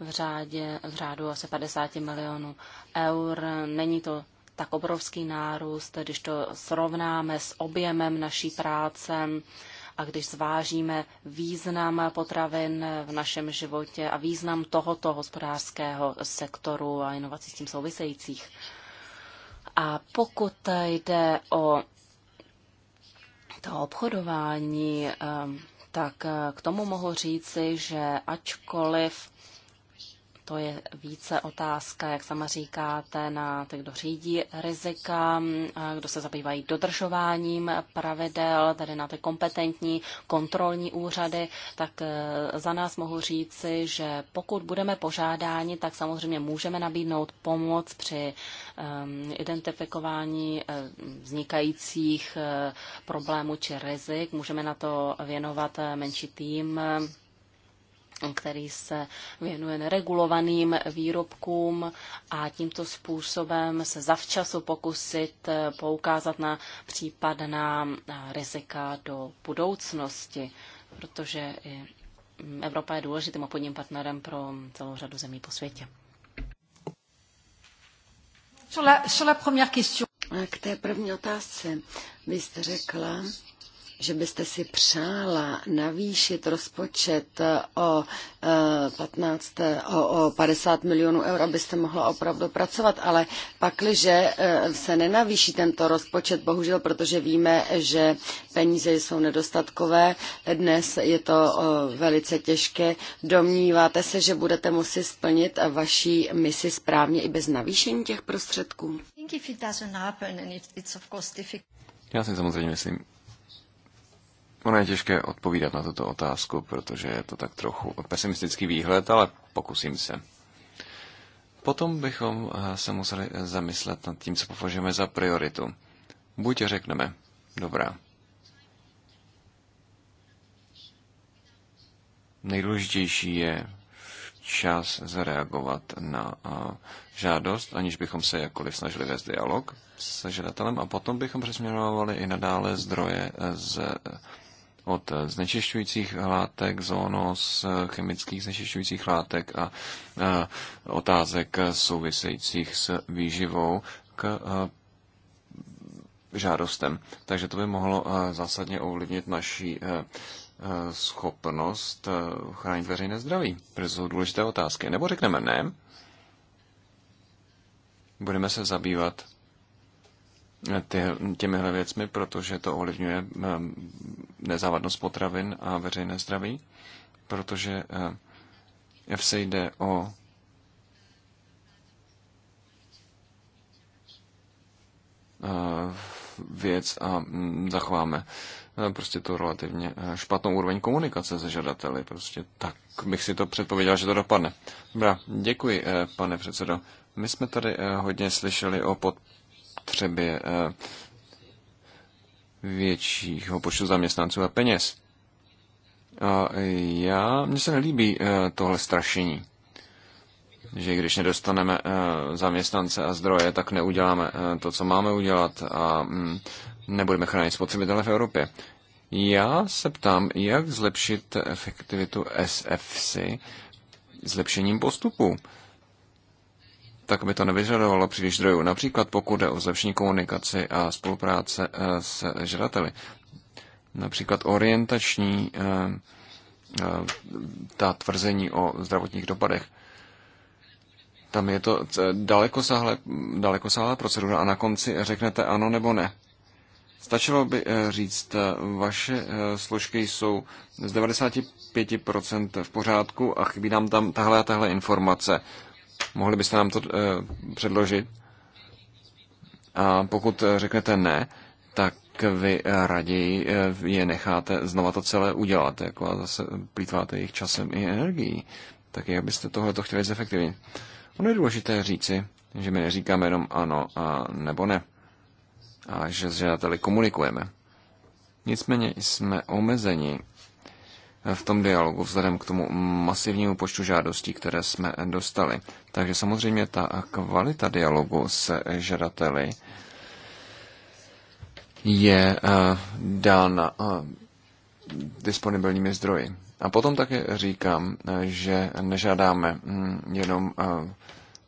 v, řádě, v řádu asi 50 milionů eur. Není to tak obrovský nárůst, když to srovnáme s objemem naší práce a když zvážíme význam potravin v našem životě a význam tohoto hospodářského sektoru a inovací s tím souvisejících. A pokud jde o to obchodování, eh, tak eh, k tomu mohu říci, že ačkoliv to je více otázka, jak sama říkáte, na ty, kdo řídí rizika, kdo se zabývají dodržováním pravidel, tedy na ty kompetentní kontrolní úřady, tak e, za nás mohu říci, že pokud budeme požádáni, tak samozřejmě můžeme nabídnout pomoc při ehm, identifikování e, vznikajících e, problémů či rizik. Můžeme na to věnovat menší tým který se věnuje neregulovaným výrobkům a tímto způsobem se zavčasu pokusit eh, poukázat na případná eh, rizika do budoucnosti, protože mm, Evropa je důležitým obchodním partnerem pro celou řadu zemí po světě. K té první otázce. Vy jste řekla, že byste si přála navýšit rozpočet o, 15, eh, o, o 50 milionů eur, abyste mohla opravdu pracovat, ale pakliže eh, se nenavýší tento rozpočet, bohužel, protože víme, že peníze jsou nedostatkové, dnes je to velice těžké, domníváte se, že budete muset splnit vaší misi správně i bez navýšení těch prostředků? Já si samozřejmě myslím, Ono je těžké odpovídat na tuto otázku, protože je to tak trochu pesimistický výhled, ale pokusím se. Potom bychom eh, se museli zamyslet nad tím, co považujeme za prioritu. Buď řekneme, dobrá, nejdůležitější je čas zareagovat na eh, žádost, aniž bychom se jakkoliv snažili vést dialog se žadatelem a potom bychom přesměrovali i nadále zdroje eh, z od znečišťujících látek, zónos, chemických znečišťujících látek a otázek souvisejících s výživou k žádostem. Takže to by mohlo zásadně ovlivnit naší schopnost chránit veřejné zdraví, protože jsou důležité otázky. Nebo řekneme ne, budeme se zabývat ty, těmihle věcmi, protože to ovlivňuje eh, nezávadnost potravin a veřejné zdraví, protože se eh, jde o eh, věc a hm, zachováme prostě to relativně špatnou úroveň komunikace se žadateli. Prostě tak bych si to předpověděl, že to dopadne. Dobrá, děkuji, pane předsedo. My jsme tady hodně slyšeli o pod potřebě eh, většího počtu zaměstnanců a peněz. A já, mně se nelíbí eh, tohle strašení, že když nedostaneme eh, zaměstnance a zdroje, tak neuděláme to, co máme udělat a mm, nebudeme chránit spotřebitele v Evropě. Já se ptám, jak zlepšit efektivitu SFC zlepšením postupu tak by to nevyžadovalo příliš zdrojů. Například pokud jde o zlepšení komunikaci a spolupráce eh, s žadateli. Například orientační eh, eh, ta tvrzení o zdravotních dopadech. Tam je to dalekosáhlá daleko procedura a na konci řeknete ano nebo ne. Stačilo by říct, vaše složky jsou z 95% v pořádku a chybí nám tam tahle a tahle informace. Mohli byste nám to eh, předložit? A pokud eh, řeknete ne, tak vy eh, raději je necháte znova to celé udělat, jako a zase plítváte jejich časem i energií. Tak jak byste tohle to chtěli zefektivnit? Ono je důležité říci, že my neříkáme jenom ano a nebo ne. A že s žadateli komunikujeme. Nicméně jsme omezeni v tom dialogu vzhledem k tomu masivnímu počtu žádostí, které jsme dostali. Takže samozřejmě ta kvalita dialogu s žadateli je eh, dána eh, disponibilními zdroji. A potom také říkám, eh, že nežádáme hm, jenom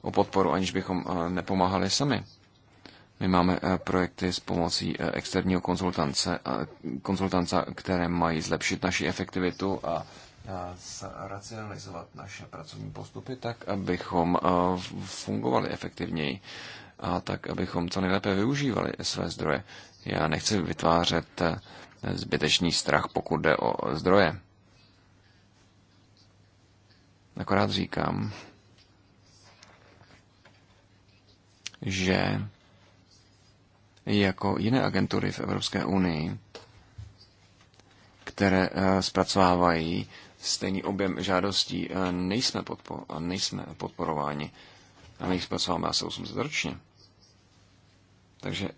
o podporu, aniž bychom nepomáhali sami. My máme projekty s pomocí externího konzultance, konzultanta, které mají zlepšit naši efektivitu a zracionalizovat naše pracovní postupy tak, abychom fungovali efektivněji a tak, abychom co nejlépe využívali své zdroje. Já nechci vytvářet zbytečný strach, pokud jde o zdroje. Akorát říkám, že jako jiné agentury v Evropské unii, které zpracovávají stejný objem žádostí, eh, nejsme, podpo, nejsme podporováni. A my jich zpracováme asi 800 ročně. Takže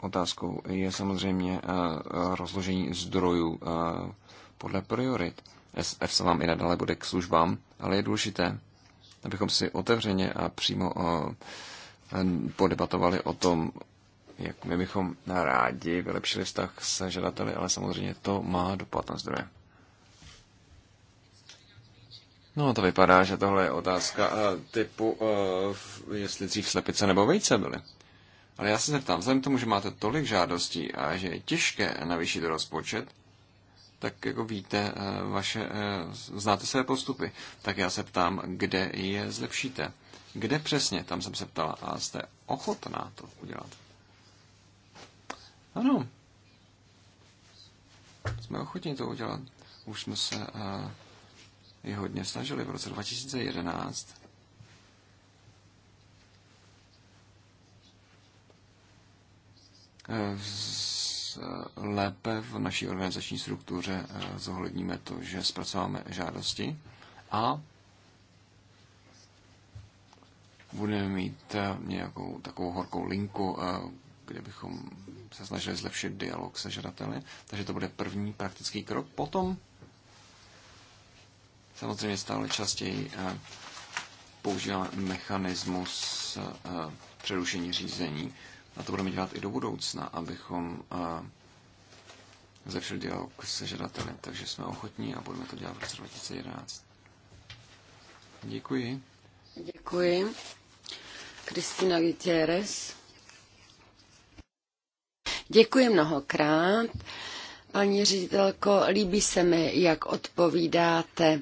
otázkou je samozřejmě eh, rozložení zdrojů eh, podle priorit. se vám i nadále bude k službám, ale je důležité, abychom si otevřeně a přímo podebatovali o tom, jak my bychom rádi vylepšili vztah s žadateli, ale samozřejmě to má dopad na zdroje. No to vypadá, že tohle je otázka eh, typu, eh, jestli dřív slepice nebo vejce byly. Ale já se zeptám, vzhledem k tomu, že máte tolik žádostí a že je těžké navýšit rozpočet, tak jako víte, eh, vaše, znáte své postupy, tak já se ptám, kde je zlepšíte. Kde přesně, tam jsem se ptala, a jste ochotná to udělat. Ano. Jsme ochotní to udělat. Už jsme se i hodně snažili v roce 2011. Lépe v naší organizační struktuře eh, zohledníme to, že zpracováme žádosti a budeme mít eh, nějakou takovou horkou linku, eh, kde bychom se snažili zlepšit dialog se žadateli. Takže to bude první praktický krok. Potom Samozřejmě stále častěji eh, používá mechanismus eh, přerušení řízení a to budeme dělat i do budoucna, abychom eh, zlepšili dialog se žadateli. Takže jsme ochotní a budeme to dělat v roce 2011. Děkuji. Děkuji. Kristina Gutierrez. Děkuji mnohokrát. Paní ředitelko, líbí se mi, jak odpovídáte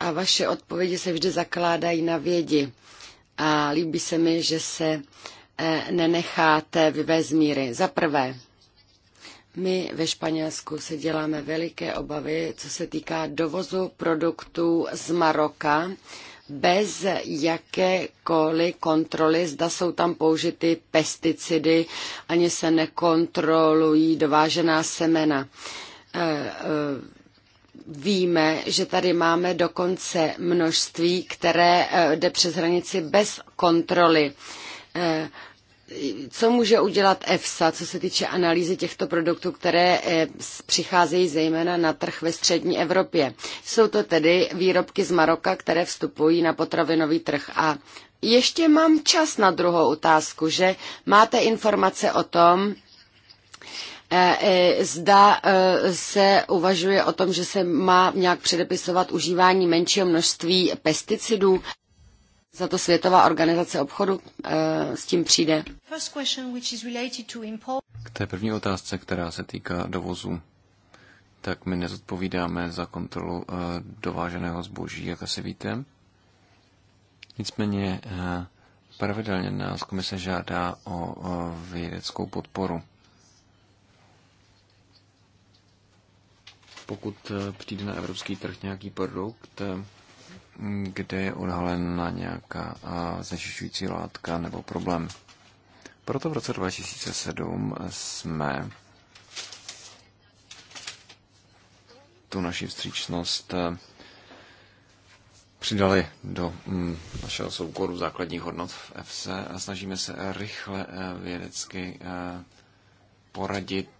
a vaše odpovědi se vždy zakládají na vědi. A líbí se mi, že se eh, nenecháte vyvést míry. Za prvé, my ve Španělsku se děláme veliké obavy, co se týká dovozu produktů z Maroka, bez jakékoliv kontroly, zda jsou tam použity pesticidy, ani se nekontrolují dovážená semena. Eh, eh, Víme, že tady máme dokonce množství, které eh, jde přes hranici bez kontroly. Eh, co může udělat EFSA, co se týče analýzy těchto produktů, které eh, přicházejí zejména na trh ve střední Evropě? Jsou to tedy výrobky z Maroka, které vstupují na potravinový trh. A ještě mám čas na druhou otázku, že máte informace o tom, E, e, zda e, se uvažuje o tom, že se má nějak předepisovat užívání menšího množství pesticidů. Za to Světová organizace obchodu s tím přijde. K té první otázce, která se týká dovozu, tak my nezodpovídáme za kontrolu dováženého zboží, jak asi víte. Nicméně pravidelně nás komise žádá o vědeckou podporu pokud eh, přijde na evropský trh nějaký produkt, eh, kde je odhalena nějaká eh, znečišťující látka nebo problém. Proto v roce 2007 jsme tu naši vstřícnost přidali do mm, našeho soukoru základních hodnot v FC a snažíme se rychle vědecky poradit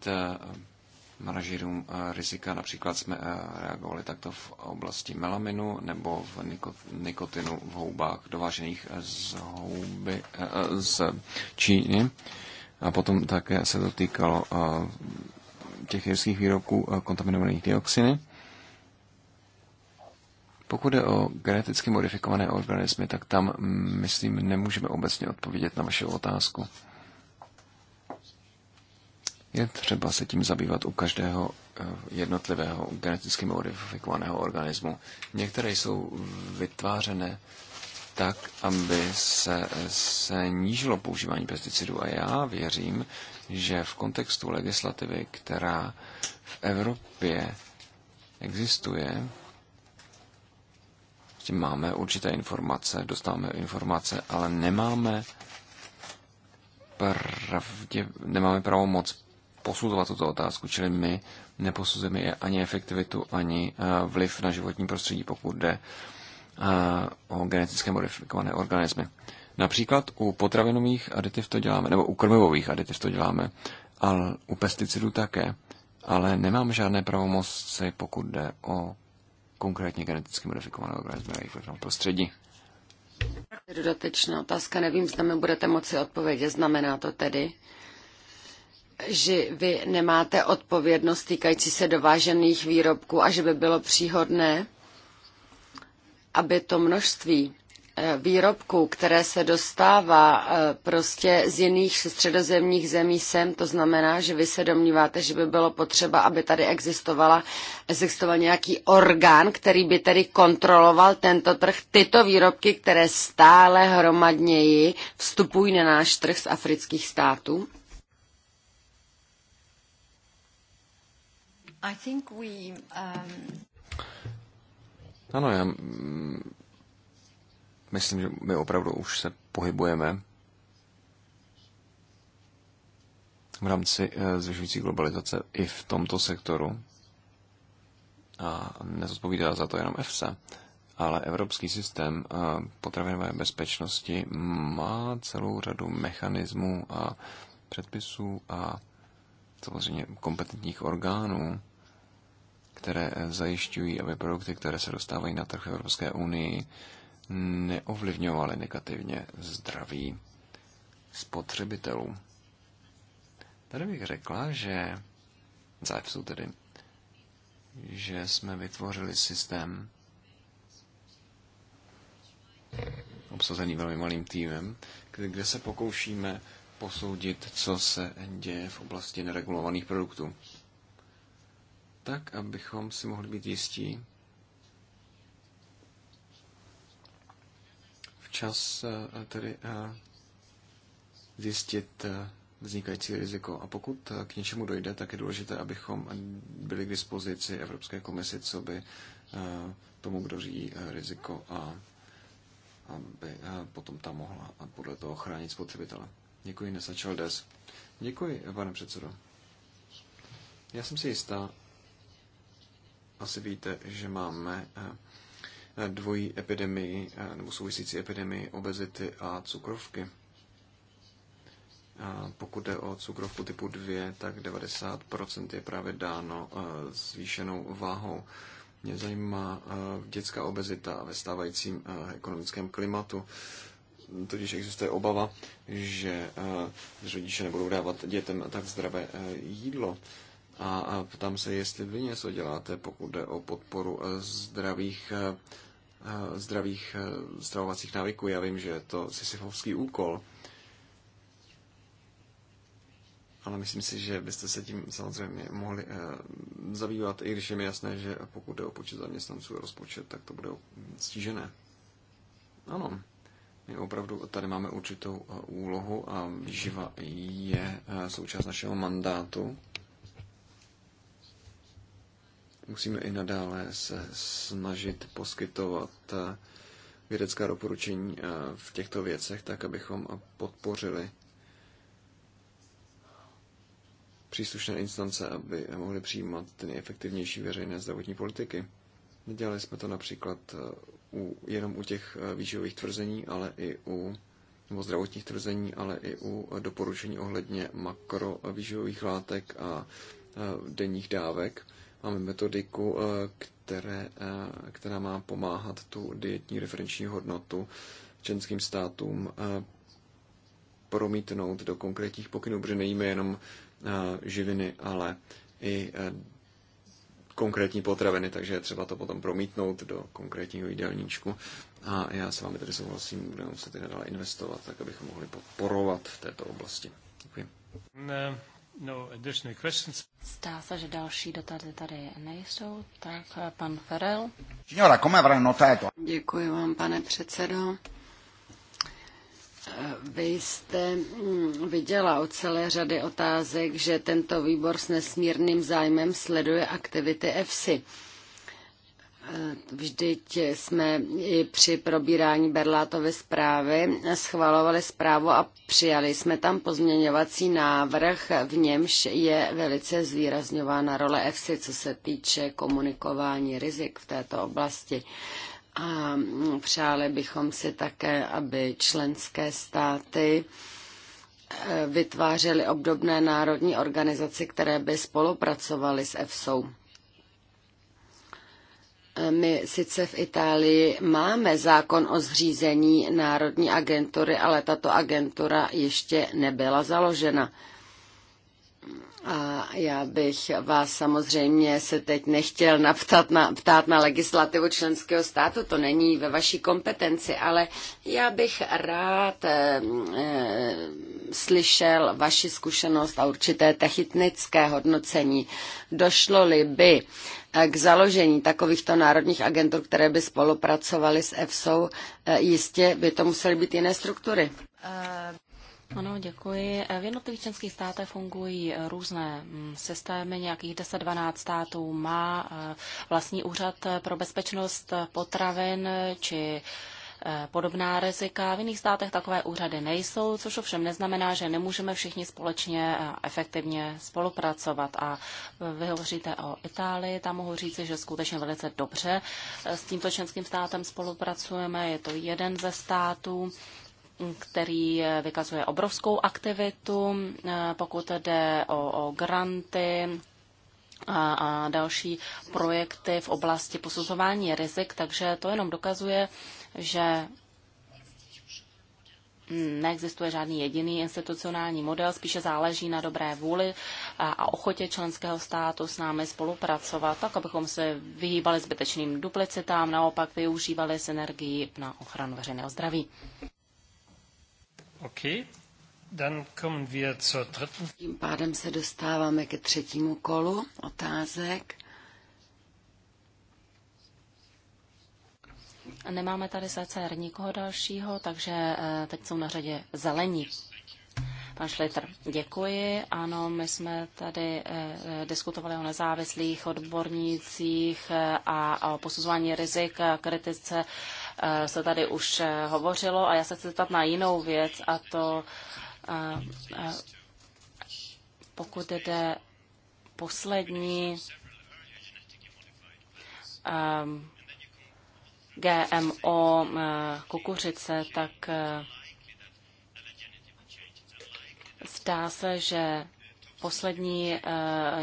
manažerům eh, rizika. Například jsme eh, reagovali takto v oblasti melaminu nebo v nikotinu v houbách dovážených z, houby, eh, z Číny. A potom také se to týkalo těch jirských výrobků kontaminovaných dioxiny. Pokud je o geneticky modifikované organismy, tak tam, mm, myslím, nemůžeme obecně odpovědět na vaši otázku. Je třeba se tím zabývat u každého eh, jednotlivého geneticky modifikovaného organismu. Některé jsou vytvářené tak, aby se eh, snížilo používání pesticidů. A já věřím, že v kontextu legislativy, která v Evropě existuje, tím máme určité informace, dostáváme informace, ale nemáme pravdě, nemáme pravomoc posuzovat tuto otázku, čili my neposuzujeme ani efektivitu, ani eh, vliv na životní prostředí, pokud jde eh, o geneticky modifikované organismy. Například u potravinových aditiv to děláme, nebo u krmivových aditiv to děláme, ale u pesticidů také, ale nemám žádné pravomoci, pokud jde o konkrétně geneticky modifikované organismy a jejich prostředí. Dodatečná otázka, nevím, zda mi budete moci odpovědět. Znamená to tedy, že vy nemáte odpovědnost týkající se dovážených výrobků a že by bylo příhodné, aby to množství eh, výrobků, které se dostává eh, prostě z jiných středozemních zemí sem, to znamená, že vy se domníváte, že by bylo potřeba, aby tady existovala, existoval nějaký orgán, který by tedy kontroloval tento trh, tyto výrobky, které stále hromadněji vstupují na náš trh z afrických států? Um, ano, já mm, myslím, že my opravdu už se pohybujeme v rámci eh, zvyšující globalizace i v tomto sektoru. A nezodpovídá za to jenom EFSA, ale Evropský systém eh, potravinové bezpečnosti má celou řadu mechanismů a předpisů a samozřejmě kompetentních orgánů, které eh, zajišťují, aby produkty, které se dostávají na trh Evropské unii, neovlivňovaly negativně zdraví spotřebitelů. Tady bych řekla, že zájevců tedy, že jsme vytvořili systém obsazený velmi malým týmem, kde se pokoušíme posoudit, co se děje v oblasti neregulovaných produktů. Tak, abychom si mohli být jistí včas eh, tedy eh, zjistit eh, vznikající riziko. A pokud k něčemu dojde, tak je důležité, abychom byli k dispozici Evropské komisi, co by tomu, kdo řídí riziko a aby potom tam mohla podle toho chránit spotřebitele. Děkuji, nesačal des. Děkuji, pane předsedo. Já jsem si jistá, asi víte, že máme eh, dvojí epidemii, eh, nebo souvisící epidemii obezity a cukrovky. A pokud jde o cukrovku typu 2, tak 90% je právě dáno eh, zvýšenou váhou. Mě zajímá dětská obezita ve stávajícím ekonomickém klimatu totiž existuje obava, eh, že rodiče nebudou dávat dětem tak zdravé eh, jídlo. A ptám se, jestli vy něco děláte, pokud jde o podporu eh, zdravých, zdravých stravovacích návyků. Já vím, že je to sisyfovský úkol, ale myslím si, že byste se tím samozřejmě mohli e, zabývat, i když je mi jasné, že pokud jde o počet zaměstnanců a rozpočet, tak to bude stížené. Ano. My opravdu tady máme určitou eh, úlohu a výživa je eh, součást našeho mandátu. Musíme i nadále se snažit poskytovat eh, vědecká doporučení v těchto věcech, tak abychom podpořili příslušné instance, aby mohly přijímat ty nejefektivnější veřejné zdravotní politiky. Nedělali jsme to například eh, u, jenom u těch eh, výživových tvrzení, ale i u nebo zdravotních tvrzení, ale i u eh, doporučení ohledně makrovýživových látek a denních dávek. Máme metodiku, které, která má pomáhat tu dietní referenční hodnotu členským státům promítnout do konkrétních pokynů, protože nejíme jenom živiny, ale i konkrétní potraviny, takže je třeba to potom promítnout do konkrétního jídelníčku. A já s vámi tedy souhlasím, budeme muset i nadále investovat, tak abychom mohli podporovat v této oblasti. Děkuji. Ne. No additional questions. Zdá se, že další dotazy tady nejsou, tak pan Ferel. Signora, come avrà notato? Děkuji vám, pane předsedo. Vy jste mm, viděla od celé řady otázek, že tento výbor s nesmírným zájmem sleduje aktivity EFSI. E, vždyť jsme i při probírání Berlátovy zprávy schvalovali zprávu a přijali jsme tam pozměňovací návrh, v němž je velice zvýrazňována role EFSI, co se týče komunikování rizik v této oblasti. A mm, přáli bychom si také, aby členské státy e, vytvářely obdobné národní organizace, které by spolupracovaly s EFSOU. E, my sice v Itálii máme zákon o zřízení Národní agentury, ale tato agentura ještě nebyla založena. A já bych vás samozřejmě se teď nechtěl naptat na, ptát na legislativu členského státu, to není ve vaší kompetenci, ale já bych rád e, e, slyšel vaši zkušenost a určité technické hodnocení. Došlo-li by eh, k založení takovýchto národních agentů, které by spolupracovaly s e, jistě by to musely být jiné struktury. Ano, děkuji. E, v jednotlivých členských státech fungují e, různé mm, systémy. Nějakých 10-12 států má e, vlastní úřad pro bezpečnost potravin či podobná rizika. V jiných státech takové úřady nejsou, což ovšem neznamená, že nemůžeme všichni společně a efektivně spolupracovat. A vy hovoříte o Itálii, tam mohu říci, že skutečně velice dobře s tímto členským státem spolupracujeme. Je to jeden ze států, který eh, vykazuje obrovskou aktivitu, eh, pokud jde o, o granty a, a další projekty v oblasti posuzování rizik, takže to jenom dokazuje, že neexistuje žádný jediný institucionální model, spíše záleží na dobré vůli a ochotě členského státu s námi spolupracovat, tak abychom se vyhýbali zbytečným duplicitám, naopak využívali synergii na ochranu veřejného zdraví. Okay. Dann kommen wir zur dritten. Tím pádem se dostáváme ke třetímu kolu otázek. Nemáme tady CCR nikoho dalšího, takže eh, teď jsou na řadě zelení. Pan Šlitr, děkuji. Ano, my jsme tady eh, diskutovali o nezávislých odbornících eh, a o posuzování rizik a kritice Eh, se tady už eh, hovořilo a já se chci zeptat na jinou věc a to eh, pokud jde poslední GMO kukuřice, tak zdá se, že poslední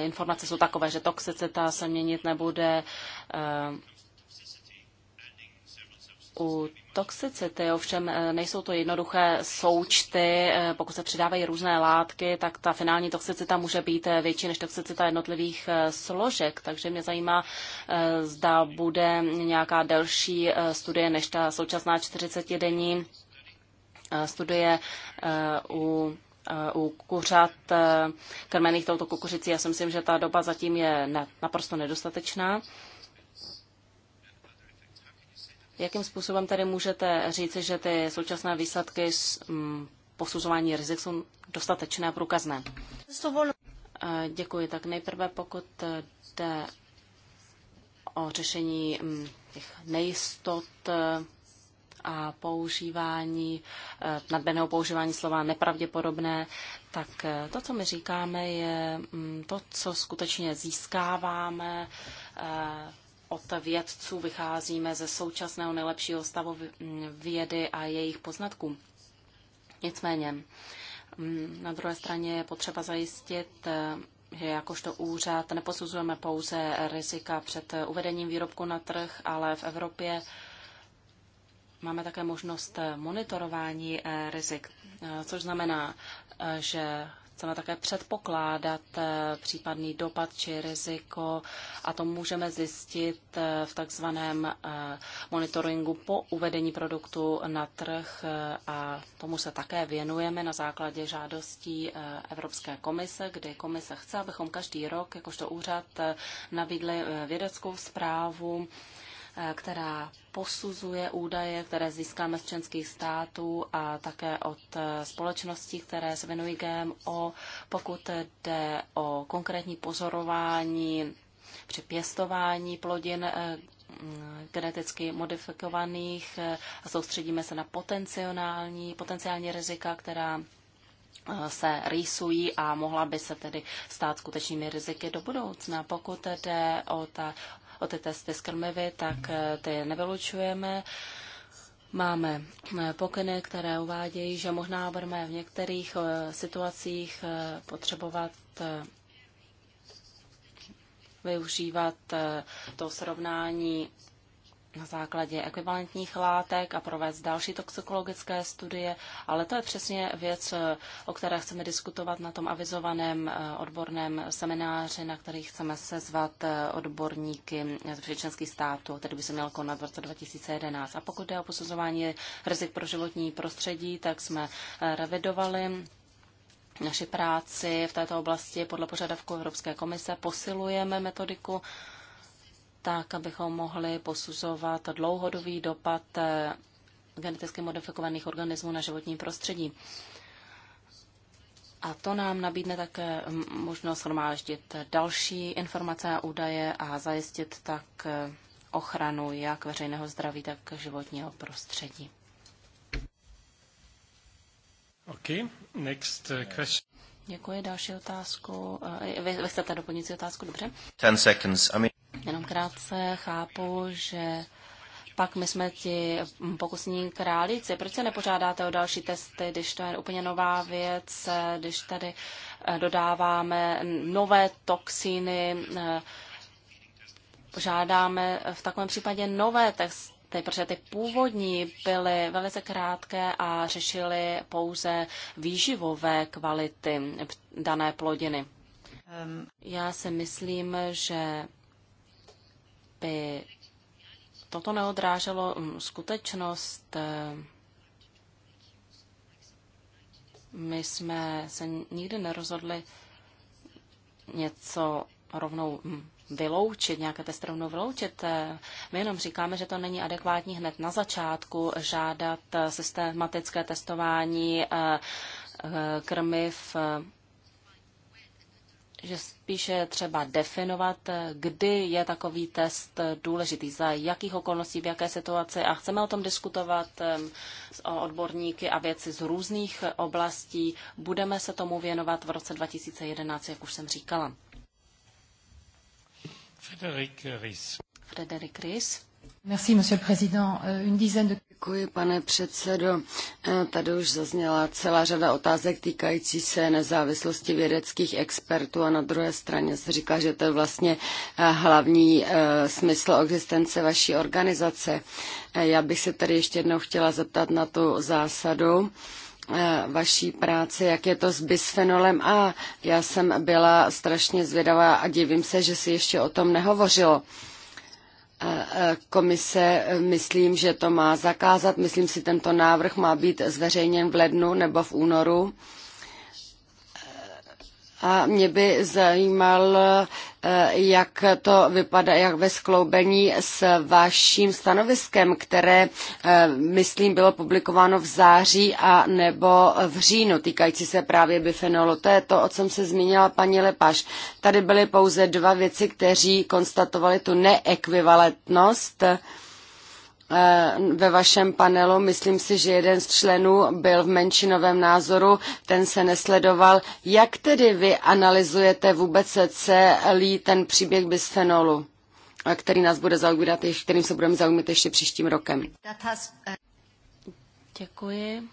informace jsou takové, že toxicita se měnit nebude, u toxicity ovšem eh, nejsou to jednoduché součty. Eh, pokud se přidávají různé látky, tak ta finální toxicita může být eh, větší než toxicita jednotlivých složek. Takže mě zajímá, zda bude nějaká delší studie než ta současná 40-denní studie u u kuřat krmených touto kukuřicí. Já si myslím, že ta doba zatím je naprosto nedostatečná. Jakým způsobem tedy můžete říci, že ty současné výsledky z mm, posuzování rizik jsou dostatečné a průkazné? Děkuji. Tak nejprve, pokud eh, jde o řešení mm, těch nejistot eh, a používání, eh, nadměrného používání slova nepravděpodobné, tak to, co my říkáme, je mm, to, co skutečně získáváme od vědců, vycházíme ze současného nejlepšího stavu vědy a jejich poznatků. Nicméně, mm, na druhé straně je potřeba zajistit, eh, že jakožto úřad neposuzujeme pouze rizika před eh, uvedením výrobku na trh, ale v Evropě máme také možnost eh, monitorování rizik, což znamená, že Chceme také předpokládat eh, případný dopad či riziko a to můžeme zjistit eh, v takzvaném eh, monitoringu po uvedení produktu na trh a tomu se také věnujeme na základě žádostí Evropské komise, kdy komise chce, abychom každý rok jakožto úřad nabídli vědeckou zprávu Eh, která posuzuje údaje, které získáme z členských států a také od eh, společností, které se věnují GMO, pokud jde o konkrétní pozorování při pěstování plodin eh, mm, geneticky modifikovaných a soustředíme se na potenciální, potenciální rizika, která se rýsují a mohla by se tedy stát skutečnými riziky do budoucna. Pokud jde o ta o ty testy z krmivy, tak eh, ty nevylučujeme. Máme eh, pokyny, které uvádějí, že možná budeme v některých eh, situacích potřebovat využívat to srovnání na základě ekvivalentních látek a provést další toxikologické studie, ale to je přesně věc, o které chceme diskutovat na tom avizovaném eh, odborném semináři, na který chceme sezvat eh, odborníky z všech států, který by se měl konat v roce 2011. A pokud jde o posuzování rizik pro životní prostředí, tak jsme eh, revidovali naši práci v této oblasti podle požadavku Evropské komise, posilujeme metodiku tak abychom mohli posuzovat dlouhodobý dopad eh, geneticky modifikovaných organismů na životní prostředí. A to nám nabídne také mm, možnost shromáždit další informace a údaje a zajistit tak eh, ochranu jak veřejného zdraví, tak životního prostředí. Okay, next eh, question. Děkuji. Další otázku. Vy, vy chcete doplnit otázku, dobře? Ten seconds. I mean... Jenom krátce chápu, že pak my jsme ti pokusní králíci. Proč se nepožádáte o další testy, když to je úplně nová věc, když tady eh, dodáváme nové toxíny, žádáme eh, v takovém případě nové testy, protože ty původní byly velice krátké a řešily pouze výživové kvality dané plodiny. Um. Já si myslím, že aby toto neodráželo mm, skutečnost. Eh, my jsme se nikdy nerozhodli něco rovnou mm, vyloučit, nějaké testy rovnou vyloučit. Eh, my jenom říkáme, že to není adekvátní hned na začátku žádat eh, systematické testování krmiv že spíše třeba definovat, kdy je takový test důležitý, za jakých okolností, v jaké situaci a chceme o tom diskutovat s odborníky a věci z různých oblastí. Budeme se tomu věnovat v roce 2011, jak už jsem říkala. Frederik Ries. Frederik Ries. Merci, monsieur le président. Euh, une dizaine de... Děkuji, pane předsedo. Eh, tady už zazněla celá řada otázek týkající se nezávislosti vědeckých expertů a na druhé straně se říká, že to je vlastně eh, hlavní eh, smysl existence vaší organizace. Já bych se tady ještě jednou chtěla zeptat na tu zásadu vaší práce, jak je to s bisfenolem A. Já jsem byla strašně zvědavá a divím se, že si ještě o tom nehovořilo komise, e, myslím, že to má zakázat. Myslím si, tento návrh má být zveřejněn v lednu nebo v únoru. A mě by zajímal, eh, jak to vypadá, jak ve skloubení s vaším stanoviskem, které, eh, myslím, bylo publikováno v září a nebo v říjnu, týkající se právě bifenolu. To je to, o čem se zmínila paní Lepaš. Tady byly pouze dva věci, kteří konstatovali tu neekvivalentnost Eh, ve vašem panelu. Myslím si, že jeden z členů byl v menšinovém názoru, ten se nesledoval. Jak tedy vy analyzujete vůbec celý ten příběh bisfenolu, eh, který nás bude zaujímat, kterým se budeme zaujímat ještě příštím rokem? Děkuji.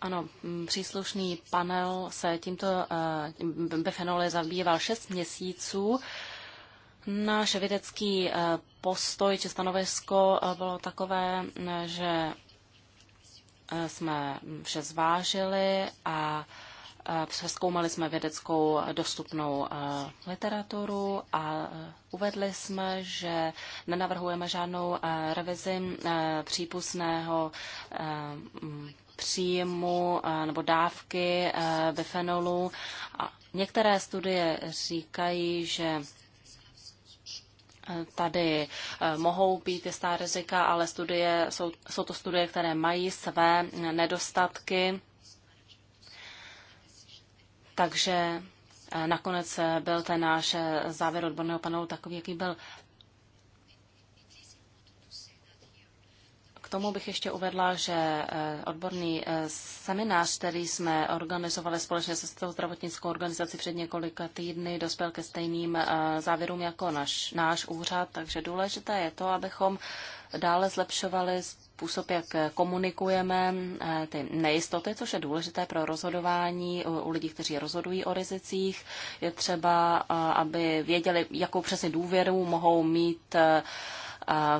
Ano, příslušný panel se tímto eh, bifenoly zabýval 6 měsíců. Náš vědecký eh, postoj či stanovisko eh, bylo takové, mm, že eh, jsme vše zvážili a přeskoumali jsme vědeckou dostupnou literaturu a uvedli jsme, že nenavrhujeme žádnou revizi přípustného mm, příjmu nebo dávky bifenolu. Některé studie říkají, že Tady eh, mohou být jistá rizika, ale studie, jsou, jsou to studie, které mají své nedostatky. Takže eh, nakonec eh, byl ten náš závěr odborného panelu takový, jaký byl. tomu bych ještě uvedla, že eh, odborný eh, seminář, který jsme organizovali společně se tou zdravotnickou organizací před několika týdny, dospěl ke stejným eh, závěrům jako naš, náš úřad, takže důležité je to, abychom dále zlepšovali způsob, jak komunikujeme ty nejistoty, což je důležité pro rozhodování u lidí, kteří rozhodují o rizicích. Je třeba, aby věděli, jakou přesně důvěru mohou mít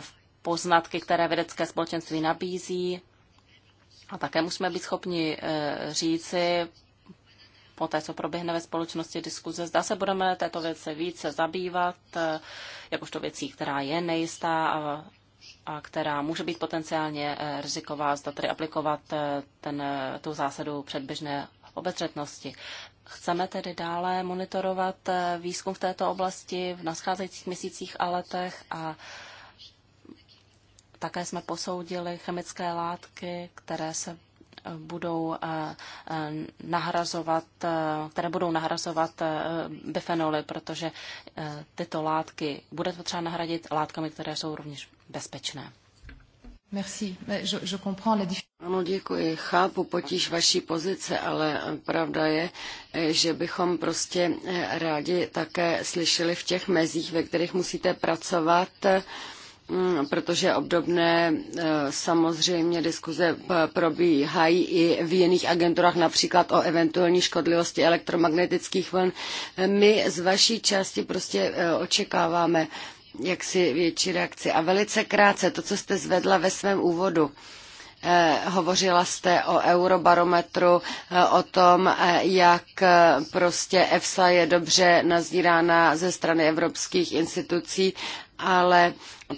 v poznatky, které vědecké společenství nabízí. A také musíme být schopni e, říci, po té, co proběhne ve společnosti diskuze, zda se budeme této věci více zabývat, e, jakožto věcí, která je nejistá a, a která může být potenciálně e, riziková, zda tedy aplikovat ten, tu zásadu předběžné obezřetnosti. Chceme tedy dále monitorovat výzkum v této oblasti v nascházejících měsících a letech a také jsme posoudili chemické látky, které se eh, budou eh, eh, nahrazovat, které budou nahrazovat bifenoly, protože tyto látky bude potřeba nahradit látkami, které jsou rovněž bezpečné. Merci. Je, je comprends la ano, děkuji. Chápu potíž vaší pozice, ale pravda je, že bychom prostě rádi také slyšeli v těch mezích, ve kterých musíte pracovat, Mm, protože obdobné eh, samozřejmě diskuze probíhají i v jiných agenturách, například o eventuální škodlivosti elektromagnetických vln. My z vaší části prostě eh, očekáváme jaksi větší reakci. A velice krátce to, co jste zvedla ve svém úvodu. Eh, hovořila jste o eurobarometru, eh, o tom, eh, jak prostě EFSA je dobře nazírána ze strany evropských institucí, ale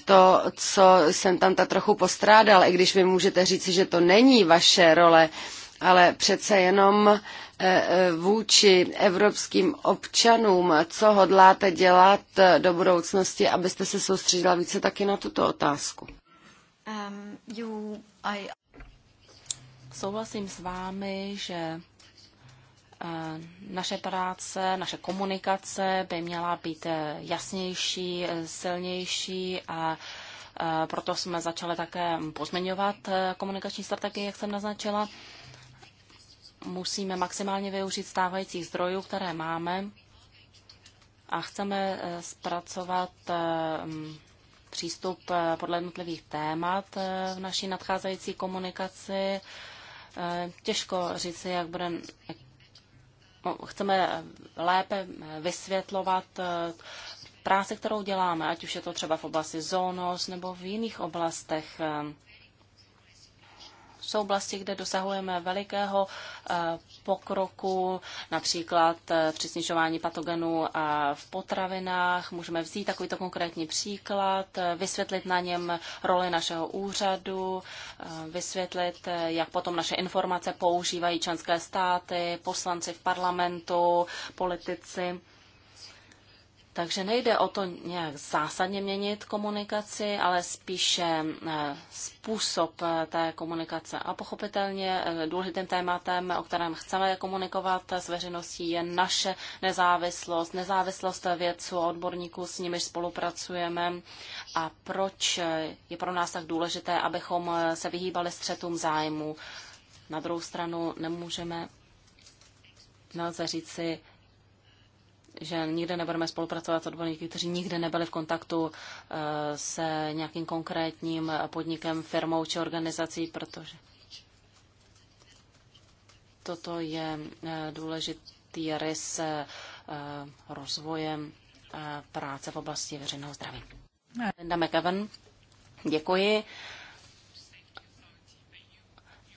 to, co jsem tam tak trochu postrádal, i když vy můžete říci, že to není vaše role, ale přece jenom vůči evropským občanům, co hodláte dělat do budoucnosti, abyste se soustředila více taky na tuto otázku? Um, you, I... Souhlasím s vámi, že eh, naše práce, naše komunikace by měla být eh, jasnější, eh, silnější a proto jsme začali také pozměňovat komunikační strategii, jak jsem naznačila. Musíme maximálně využít stávajících zdrojů, které máme a chceme zpracovat přístup eh, podle jednotlivých témat eh, v naší nadcházející komunikaci. Eh, těžko říci, jak bude no, chceme lépe vysvětlovat práci, kterou děláme, ať už je to třeba v oblasti zónos nebo v jiných oblastech v oblasti, kde dosahujeme velikého eh, pokroku, například eh, při snižování patogenů v potravinách. Můžeme vzít takovýto konkrétní příklad, eh, vysvětlit na něm roli našeho úřadu, vysvětlit, jak potom naše informace používají členské státy, poslanci v parlamentu, politici. Takže nejde o to nějak zásadně měnit komunikaci, ale spíše eh, způsob eh, té komunikace. A pochopitelně eh, důležitým tématem, o kterém chceme komunikovat s veřejností, je naše nezávislost, nezávislost vědců a odborníků, s nimiž spolupracujeme a proč je pro nás tak důležité, abychom se vyhýbali střetům zájmu. Na druhou stranu nemůžeme, nelze říci, že nikde nebudeme spolupracovat odborníky, kteří nikde nebyli v kontaktu eh, se nějakým konkrétním podnikem, firmou či organizací, protože toto je eh, důležitý rys eh, rozvojem práce v oblasti veřejného zdraví. Linda McEwen, děkuji.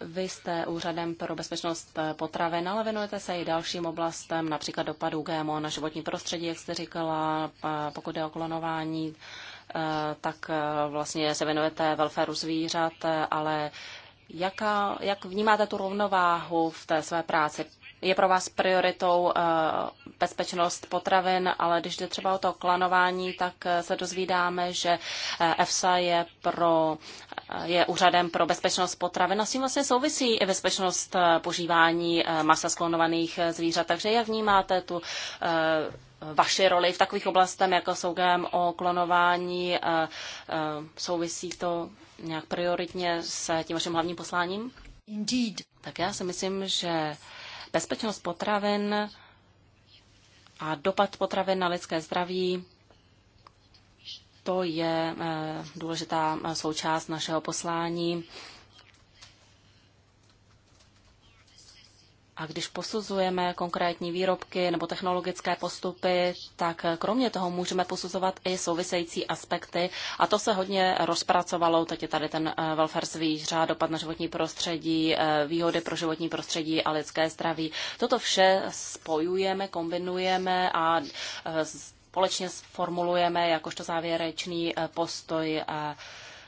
Vy jste úřadem pro bezpečnost potravin, ale věnujete se i dalším oblastem, například dopadů GMO na životní prostředí, jak jste říkala, pokud je o klonování, e, tak e, vlastně se věnujete welfareu zvířat, e, ale jaká, jak vnímáte tu rovnováhu v té své práci? je pro vás prioritou eh, bezpečnost potravin, ale když jde třeba o to klanování, tak eh, se dozvídáme, že eh, EFSA je, pro, je úřadem pro bezpečnost potravin a s tím vlastně souvisí i bezpečnost požívání masa sklonovaných zvířat. Takže jak vnímáte tu vaši roli v takových oblastech, jako jsou o klonování, souvisí to nějak prioritně s tím vaším hlavním posláním? Indeed. Tak já si myslím, že bezpečnost potravin a dopad potravin na lidské zdraví, to je eh, důležitá eh, součást našeho poslání A když posuzujeme konkrétní výrobky nebo technologické postupy, tak kromě toho můžeme posuzovat i související aspekty. A to se hodně rozpracovalo. Teď je tady ten eh, welfare zvířat, dopad na životní prostředí, eh, výhody pro životní prostředí a lidské zdraví. Toto vše spojujeme, kombinujeme a eh, společně sformulujeme jakožto závěrečný postoj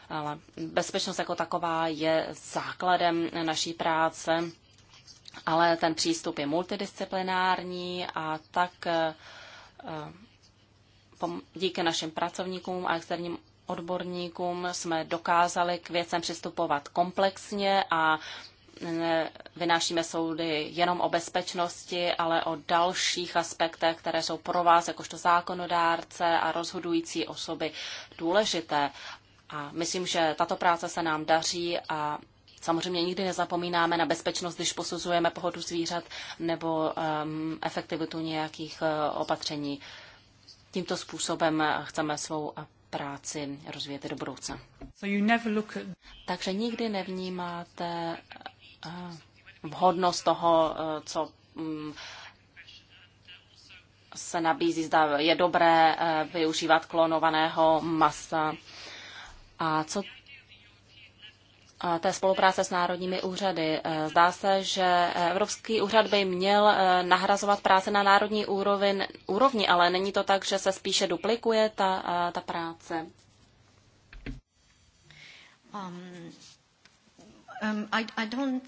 ale bezpečnost jako taková je základem naší práce ale ten přístup je multidisciplinární a tak eh, eh, díky našim pracovníkům a externím odborníkům jsme dokázali k věcem přistupovat komplexně a eh, vynášíme soudy jenom o bezpečnosti, ale o dalších aspektech, které jsou pro vás jakožto zákonodárce a rozhodující osoby důležité. A myslím, že tato práce se nám daří a Samozřejmě nikdy nezapomínáme na bezpečnost, když posuzujeme pohodu zvířat nebo um, efektivitu nějakých uh, opatření. Tímto způsobem uh, chceme svou uh, práci rozvíjet do budoucna. So at... Takže nikdy nevnímáte uh, vhodnost toho, uh, co um, se nabízí, zda je dobré uh, využívat klonovaného masa. A co té spolupráce s národními úřady. Eh, zdá se, že Evropský úřad by měl eh, nahrazovat práce na národní úrovni, úrovni ale není to tak, že se spíše duplikuje ta, eh, ta práce? Um, um, I, I don't...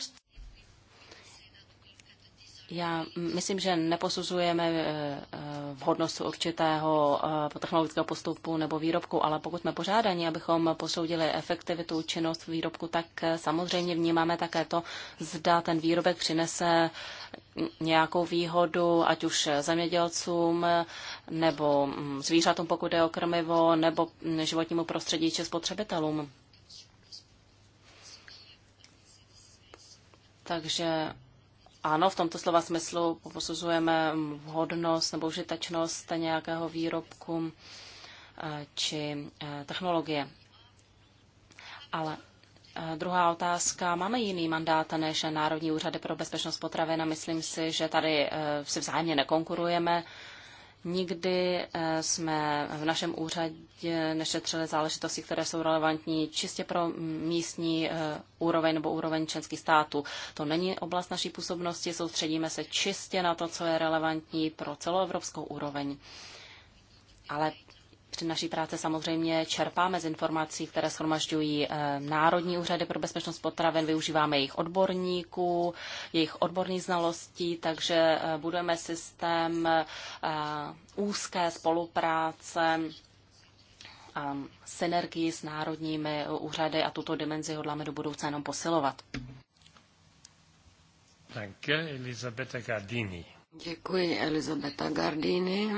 Já myslím, že neposuzujeme eh, eh, vhodnost určitého eh, technologického postupu nebo výrobku, ale pokud jsme pořádaní, abychom posoudili efektivitu, činnost výrobku, tak samozřejmě vnímáme také to, zda ten výrobek přinese nějakou výhodu, ať už zemědělcům nebo mm, zvířatům, pokud je o krmivo, nebo mm, životnímu prostředí či spotřebitelům. Takže ano, v tomto slova smyslu posuzujeme vhodnost nebo užitečnost nějakého výrobku eh, či eh, technologie. Ale eh, Druhá otázka. Máme jiný mandát než Národní úřady pro bezpečnost potravin a myslím si, že tady si vzájemně nekonkurujeme. Nikdy eh, jsme v našem úřadě nešetřili záležitosti, které jsou relevantní čistě pro místní eh, úroveň nebo úroveň členských států. To není oblast naší působnosti, soustředíme se čistě na to, co je relevantní pro celoevropskou úroveň. Ale při naší práci samozřejmě čerpáme z informací, které shromažďují eh, Národní úřady pro bezpečnost potravin, využíváme jejich odborníků, jejich odborných znalostí, takže eh, budeme systém eh, úzké spolupráce a synergii s národními úřady a tuto dimenzi hodláme do budoucna jenom posilovat. Danke, Elisabetta Gardini. Děkuji, Elizabeta Gardini.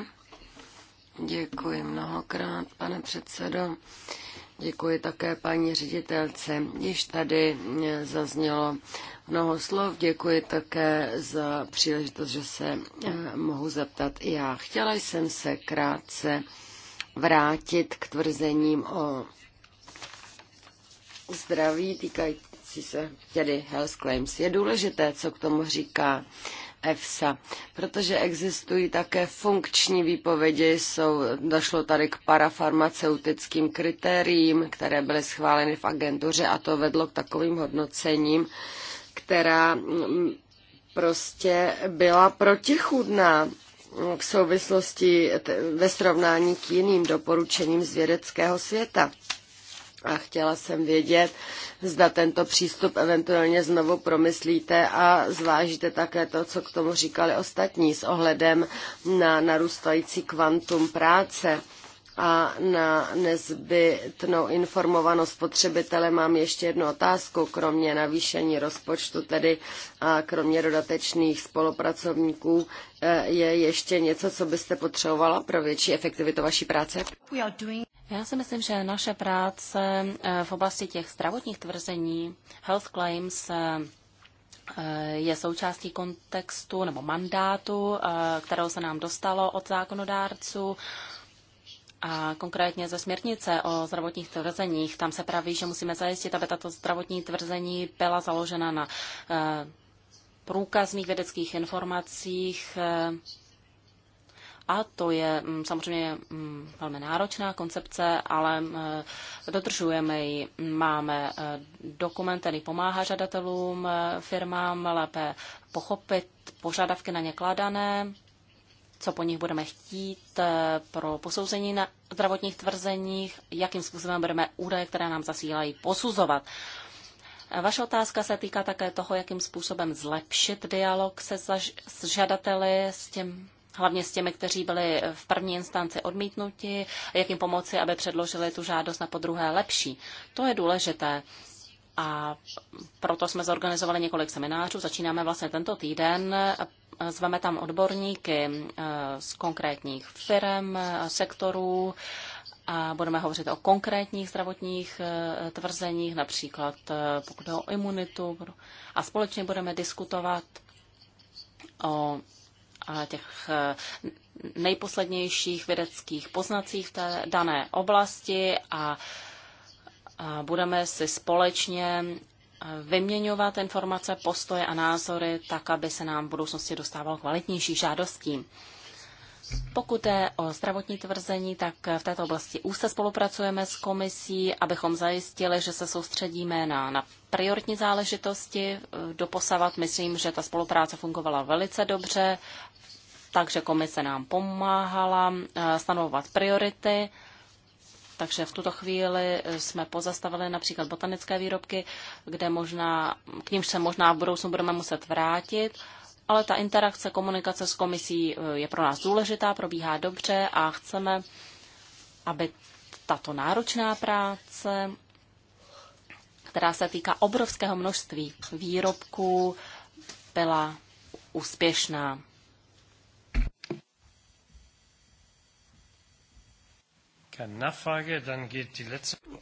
Děkuji mnohokrát, pane předsedo. Děkuji také paní ředitelce. Již tady eh, zaznělo mnoho slov. Děkuji také za příležitost, že se eh, mohu zeptat i já. Chtěla jsem se krátce vrátit k tvrzením o zdraví týkající se tedy health claims. Je důležité, co k tomu říká EFSA, protože existují také funkční výpovědi, jsou, došlo tady k parafarmaceutickým kritériím, které byly schváleny v agentuře a to vedlo k takovým hodnocením, která mm, prostě byla protichudná v souvislosti ve srovnání k jiným doporučením z vědeckého světa a chtěla jsem vědět, zda tento přístup eventuálně znovu promyslíte a zvážíte také to, co k tomu říkali ostatní s ohledem na narůstající kvantum práce a na nezbytnou informovanost spotřebitele mám ještě jednu otázku, kromě navýšení rozpočtu tedy a kromě dodatečných spolupracovníků e, je ještě něco, co byste potřebovala pro větší efektivitu vaší práce? Já si myslím, že naše práce e, v oblasti těch zdravotních tvrzení, health claims, e, je součástí kontextu nebo mandátu, kterou se nám dostalo od zákonodárců a konkrétně ze směrnice o zdravotních tvrzeních. Tam se praví, že musíme zajistit, aby tato zdravotní tvrzení byla založena na eh, průkazných vědeckých informacích. Eh, a to je mm, samozřejmě mm, velmi náročná koncepce, ale eh, dodržujeme ji. Máme dokument, který pomáhá žadatelům, firmám lépe pochopit požadavky na ně kladané co po nich budeme chtít eh, pro posouzení na zdravotních tvrzeních, jakým způsobem budeme údaje, které nám zasílají, posuzovat. Eh, vaše otázka se týká také toho, jakým způsobem zlepšit dialog se zaž- s žadateli, s těm, hlavně s těmi, kteří byli v první instanci odmítnuti, jakým pomoci, aby předložili tu žádost na podruhé lepší. To je důležité a proto jsme zorganizovali několik seminářů. Začínáme vlastně tento týden. Zveme tam odborníky eh, z konkrétních firm, eh, sektorů a budeme hovořit o konkrétních zdravotních eh, tvrzeních, například pokud o imunitu. A společně budeme diskutovat o těch nejposlednějších vědeckých poznacích v té dané oblasti a budeme si společně eh, vyměňovat informace, postoje a názory tak, aby se nám v budoucnosti dostávalo kvalitnější žádostí. Pokud je o zdravotní tvrzení, tak v této oblasti už se spolupracujeme s komisí, abychom zajistili, že se soustředíme na, na prioritní záležitosti. Eh, doposavat myslím, že ta spolupráce fungovala velice dobře, takže komise nám pomáhala eh, stanovovat priority takže v tuto chvíli eh, jsme pozastavili například botanické výrobky, kde možná, k nímž se možná v budoucnu budeme muset vrátit, ale ta interakce, komunikace s komisí eh, je pro nás důležitá, probíhá dobře a chceme, aby tato náročná práce, která se týká obrovského množství výrobků, byla úspěšná.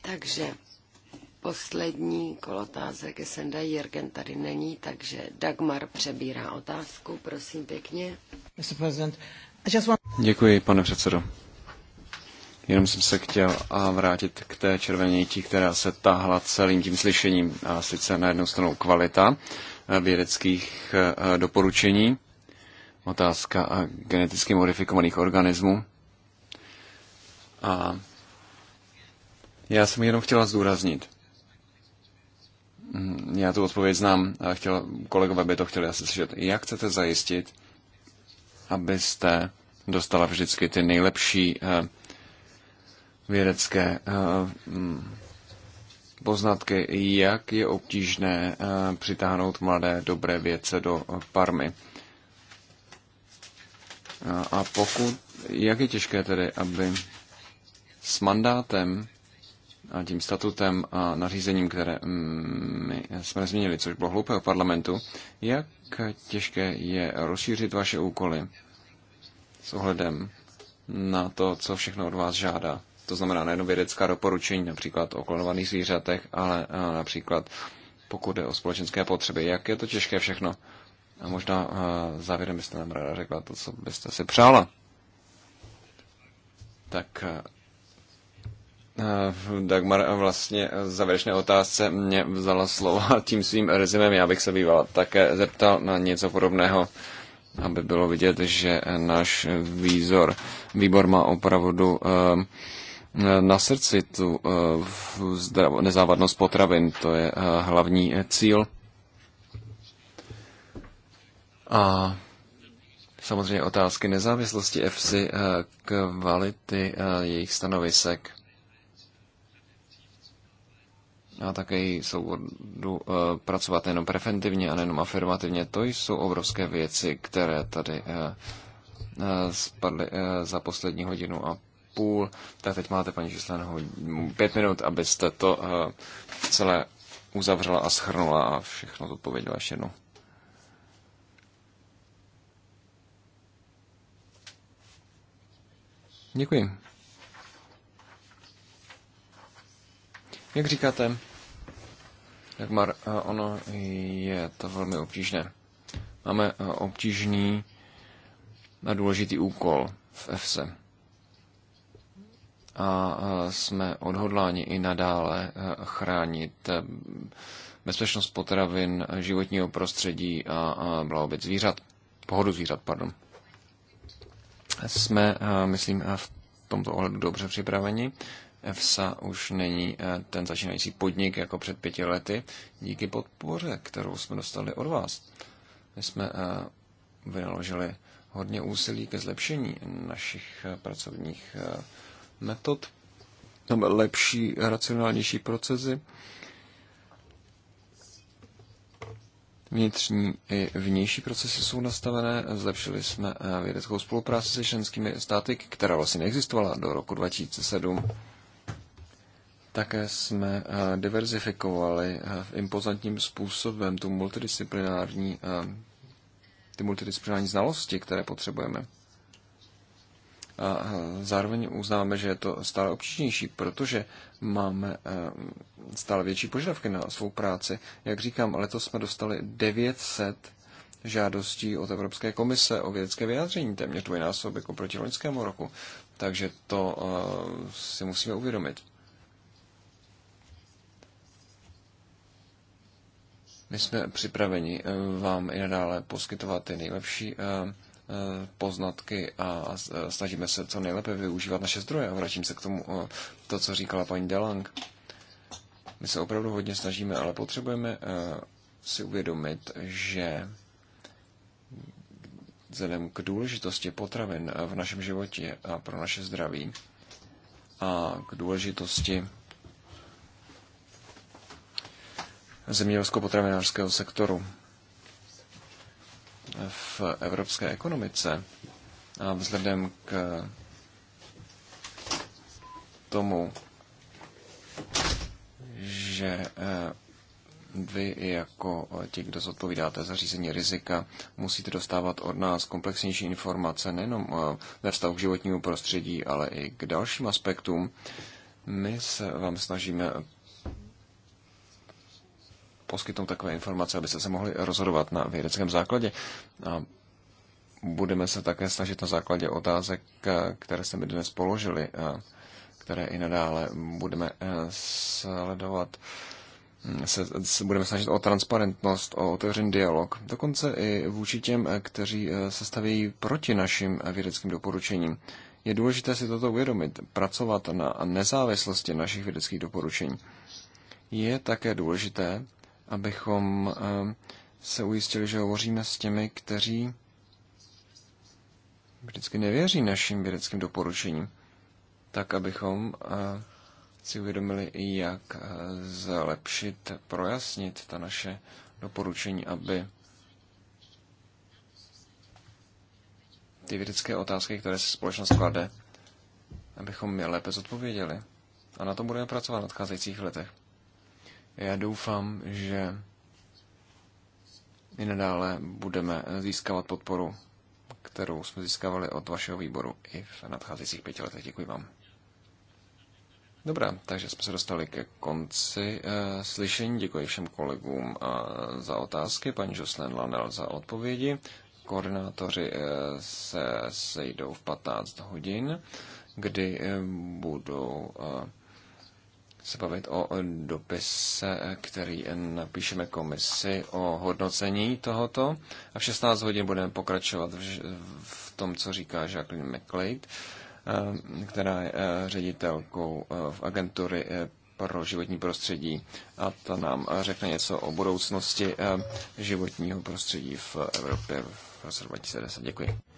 Takže poslední kolotázek Senda Jirgen tady není, takže Dagmar přebírá otázku, prosím pěkně. Děkuji, pane předsedo. Jenom jsem se chtěl a vrátit k té červenějti, která se táhla celým tím slyšením, a sice na jednu stranu kvalita eh, vědeckých eh, doporučení, otázka eh, geneticky modifikovaných organismů, a já jsem jenom chtěla zdůraznit. Mm, já tu odpověď znám, a chtěla, kolegové by to chtěli asi slyšet. Jak chcete zajistit, abyste dostala vždycky ty nejlepší eh, vědecké eh, mm, poznatky, jak je obtížné eh, přitáhnout mladé dobré vědce do parmy. A pokud, jak je těžké tedy, aby s mandátem a tím statutem a nařízením, které mm, my jsme změnili, což bylo hloupého parlamentu, jak těžké je rozšířit vaše úkoly s ohledem na to, co všechno od vás žádá. To znamená nejen vědecká doporučení, například o klonovaných zvířatech, ale například pokud jde o společenské potřeby. Jak je to těžké všechno? A možná závěrem byste nám ráda řekla to, co byste si přála. Tak Eh, Dagmar eh, vlastně eh, v závěrečné otázce mě vzala slovo a tím svým rezimem já bych se býval také zeptal na něco podobného, aby bylo vidět, že náš výzor, výbor má opravdu ehm, na srdci tu nezávadnost potravin, to je hlavní cíl. A samozřejmě otázky nezávislosti FC kvality jejich stanovisek a také její uh, eh, pracovat jenom preventivně a nejenom afirmativně. To jsou obrovské věci, které tady eh, eh, spadly za poslední hodinu a půl. Tak teď máte, paní Žislen, pět minut, abyste to celé uzavřela a schrnula a všechno zodpověděla ještě jednou. Děkuji. Jak říkáte, tak Mar, eh, ono je to velmi obtížné. Máme eh, obtížný a důležitý úkol v FC e. A eh, jsme odhodláni i nadále chránit bezpečnost potravin, životního prostředí a blahobyt zvířat. Pohodu zvířat, pardon. Jsme, myslím, v tomto ohledu dobře připraveni. EFSA už není eh, ten začínající podnik jako před pěti lety díky podpoře, kterou jsme dostali od vás. My jsme eh, vynaložili hodně úsilí ke zlepšení našich eh, pracovních metod, lepší, racionálnější procesy, Vnitřní i vnější procesy jsou nastavené. Zlepšili jsme vědeckou spolupráci se členskými státy, která vlastně neexistovala do roku 2007. Také jsme eh, diverzifikovali v eh, impozantním způsobem tu multidisciplinární, eh, ty multidisciplinární znalosti, které potřebujeme. A zároveň uznáme, že je to stále obtížnější, protože máme stále větší požadavky na svou práci. Jak říkám, letos jsme dostali 900 žádostí od Evropské komise o vědecké vyjádření, téměř dvojnásobek jako oproti loňskému roku. Takže to si musíme uvědomit. My jsme připraveni eh, vám i nadále poskytovat ty nejlepší eh, eh, poznatky a snažíme se co nejlépe využívat naše zdroje. A vrátím se k tomu, to, co říkala paní Delang. My se opravdu hodně snažíme, ale potřebujeme si uvědomit, že vzhledem k důležitosti potravin v našem životě a pro naše zdraví a k důležitosti zemědělsko-potravinářského sektoru. V evropské ekonomice a vzhledem k tomu, že eh, vy jako eh, ti, kdo zodpovídáte za řízení rizika, musíte dostávat od nás komplexnější informace nejenom eh, ve vztahu k životnímu prostředí, ale i k dalším aspektům. My se vám snažíme poskytnout takové informace, abyste se mohli rozhodovat na vědeckém základě. A budeme se také snažit na základě otázek, eh, které jste mi dnes položili, a které i nadále budeme eh, sledovat. Hmm, se, se budeme snažit o transparentnost, o otevřený dialog, dokonce i vůči těm, eh, kteří se staví proti našim vědeckým doporučením. Je důležité si toto uvědomit, pracovat na nezávislosti našich vědeckých doporučení. Je také důležité, abychom eh, se ujistili, že hovoříme s těmi, kteří vždycky nevěří našim vědeckým doporučením, tak abychom eh, si uvědomili, jak eh, zlepšit, projasnit ta naše doporučení, aby ty vědecké otázky, které se společnost klade, abychom je lépe zodpověděli. A na tom budeme pracovat v nadcházejících letech. Já doufám, že i nadále budeme získávat podporu, kterou jsme získávali od vašeho výboru i v nadcházejících pěti letech. Děkuji vám. Dobrá, takže jsme se dostali ke konci e, slyšení. Děkuji všem kolegům a, eh, za otázky, paní Jocelyn Lanel za odpovědi. Koordinátoři e, se sejdou v 15 hodin, kdy e, budou. E, se bavit o dopise, který napíšeme komisi o hodnocení tohoto. A v 16 hodin budeme pokračovat v tom, co říká Jacqueline McLeod, eh, která je eh, ředitelkou eh, v agentury pro životní prostředí a ta nám řekne něco o budoucnosti životního prostředí v Evropě v roce 2010. Děkuji.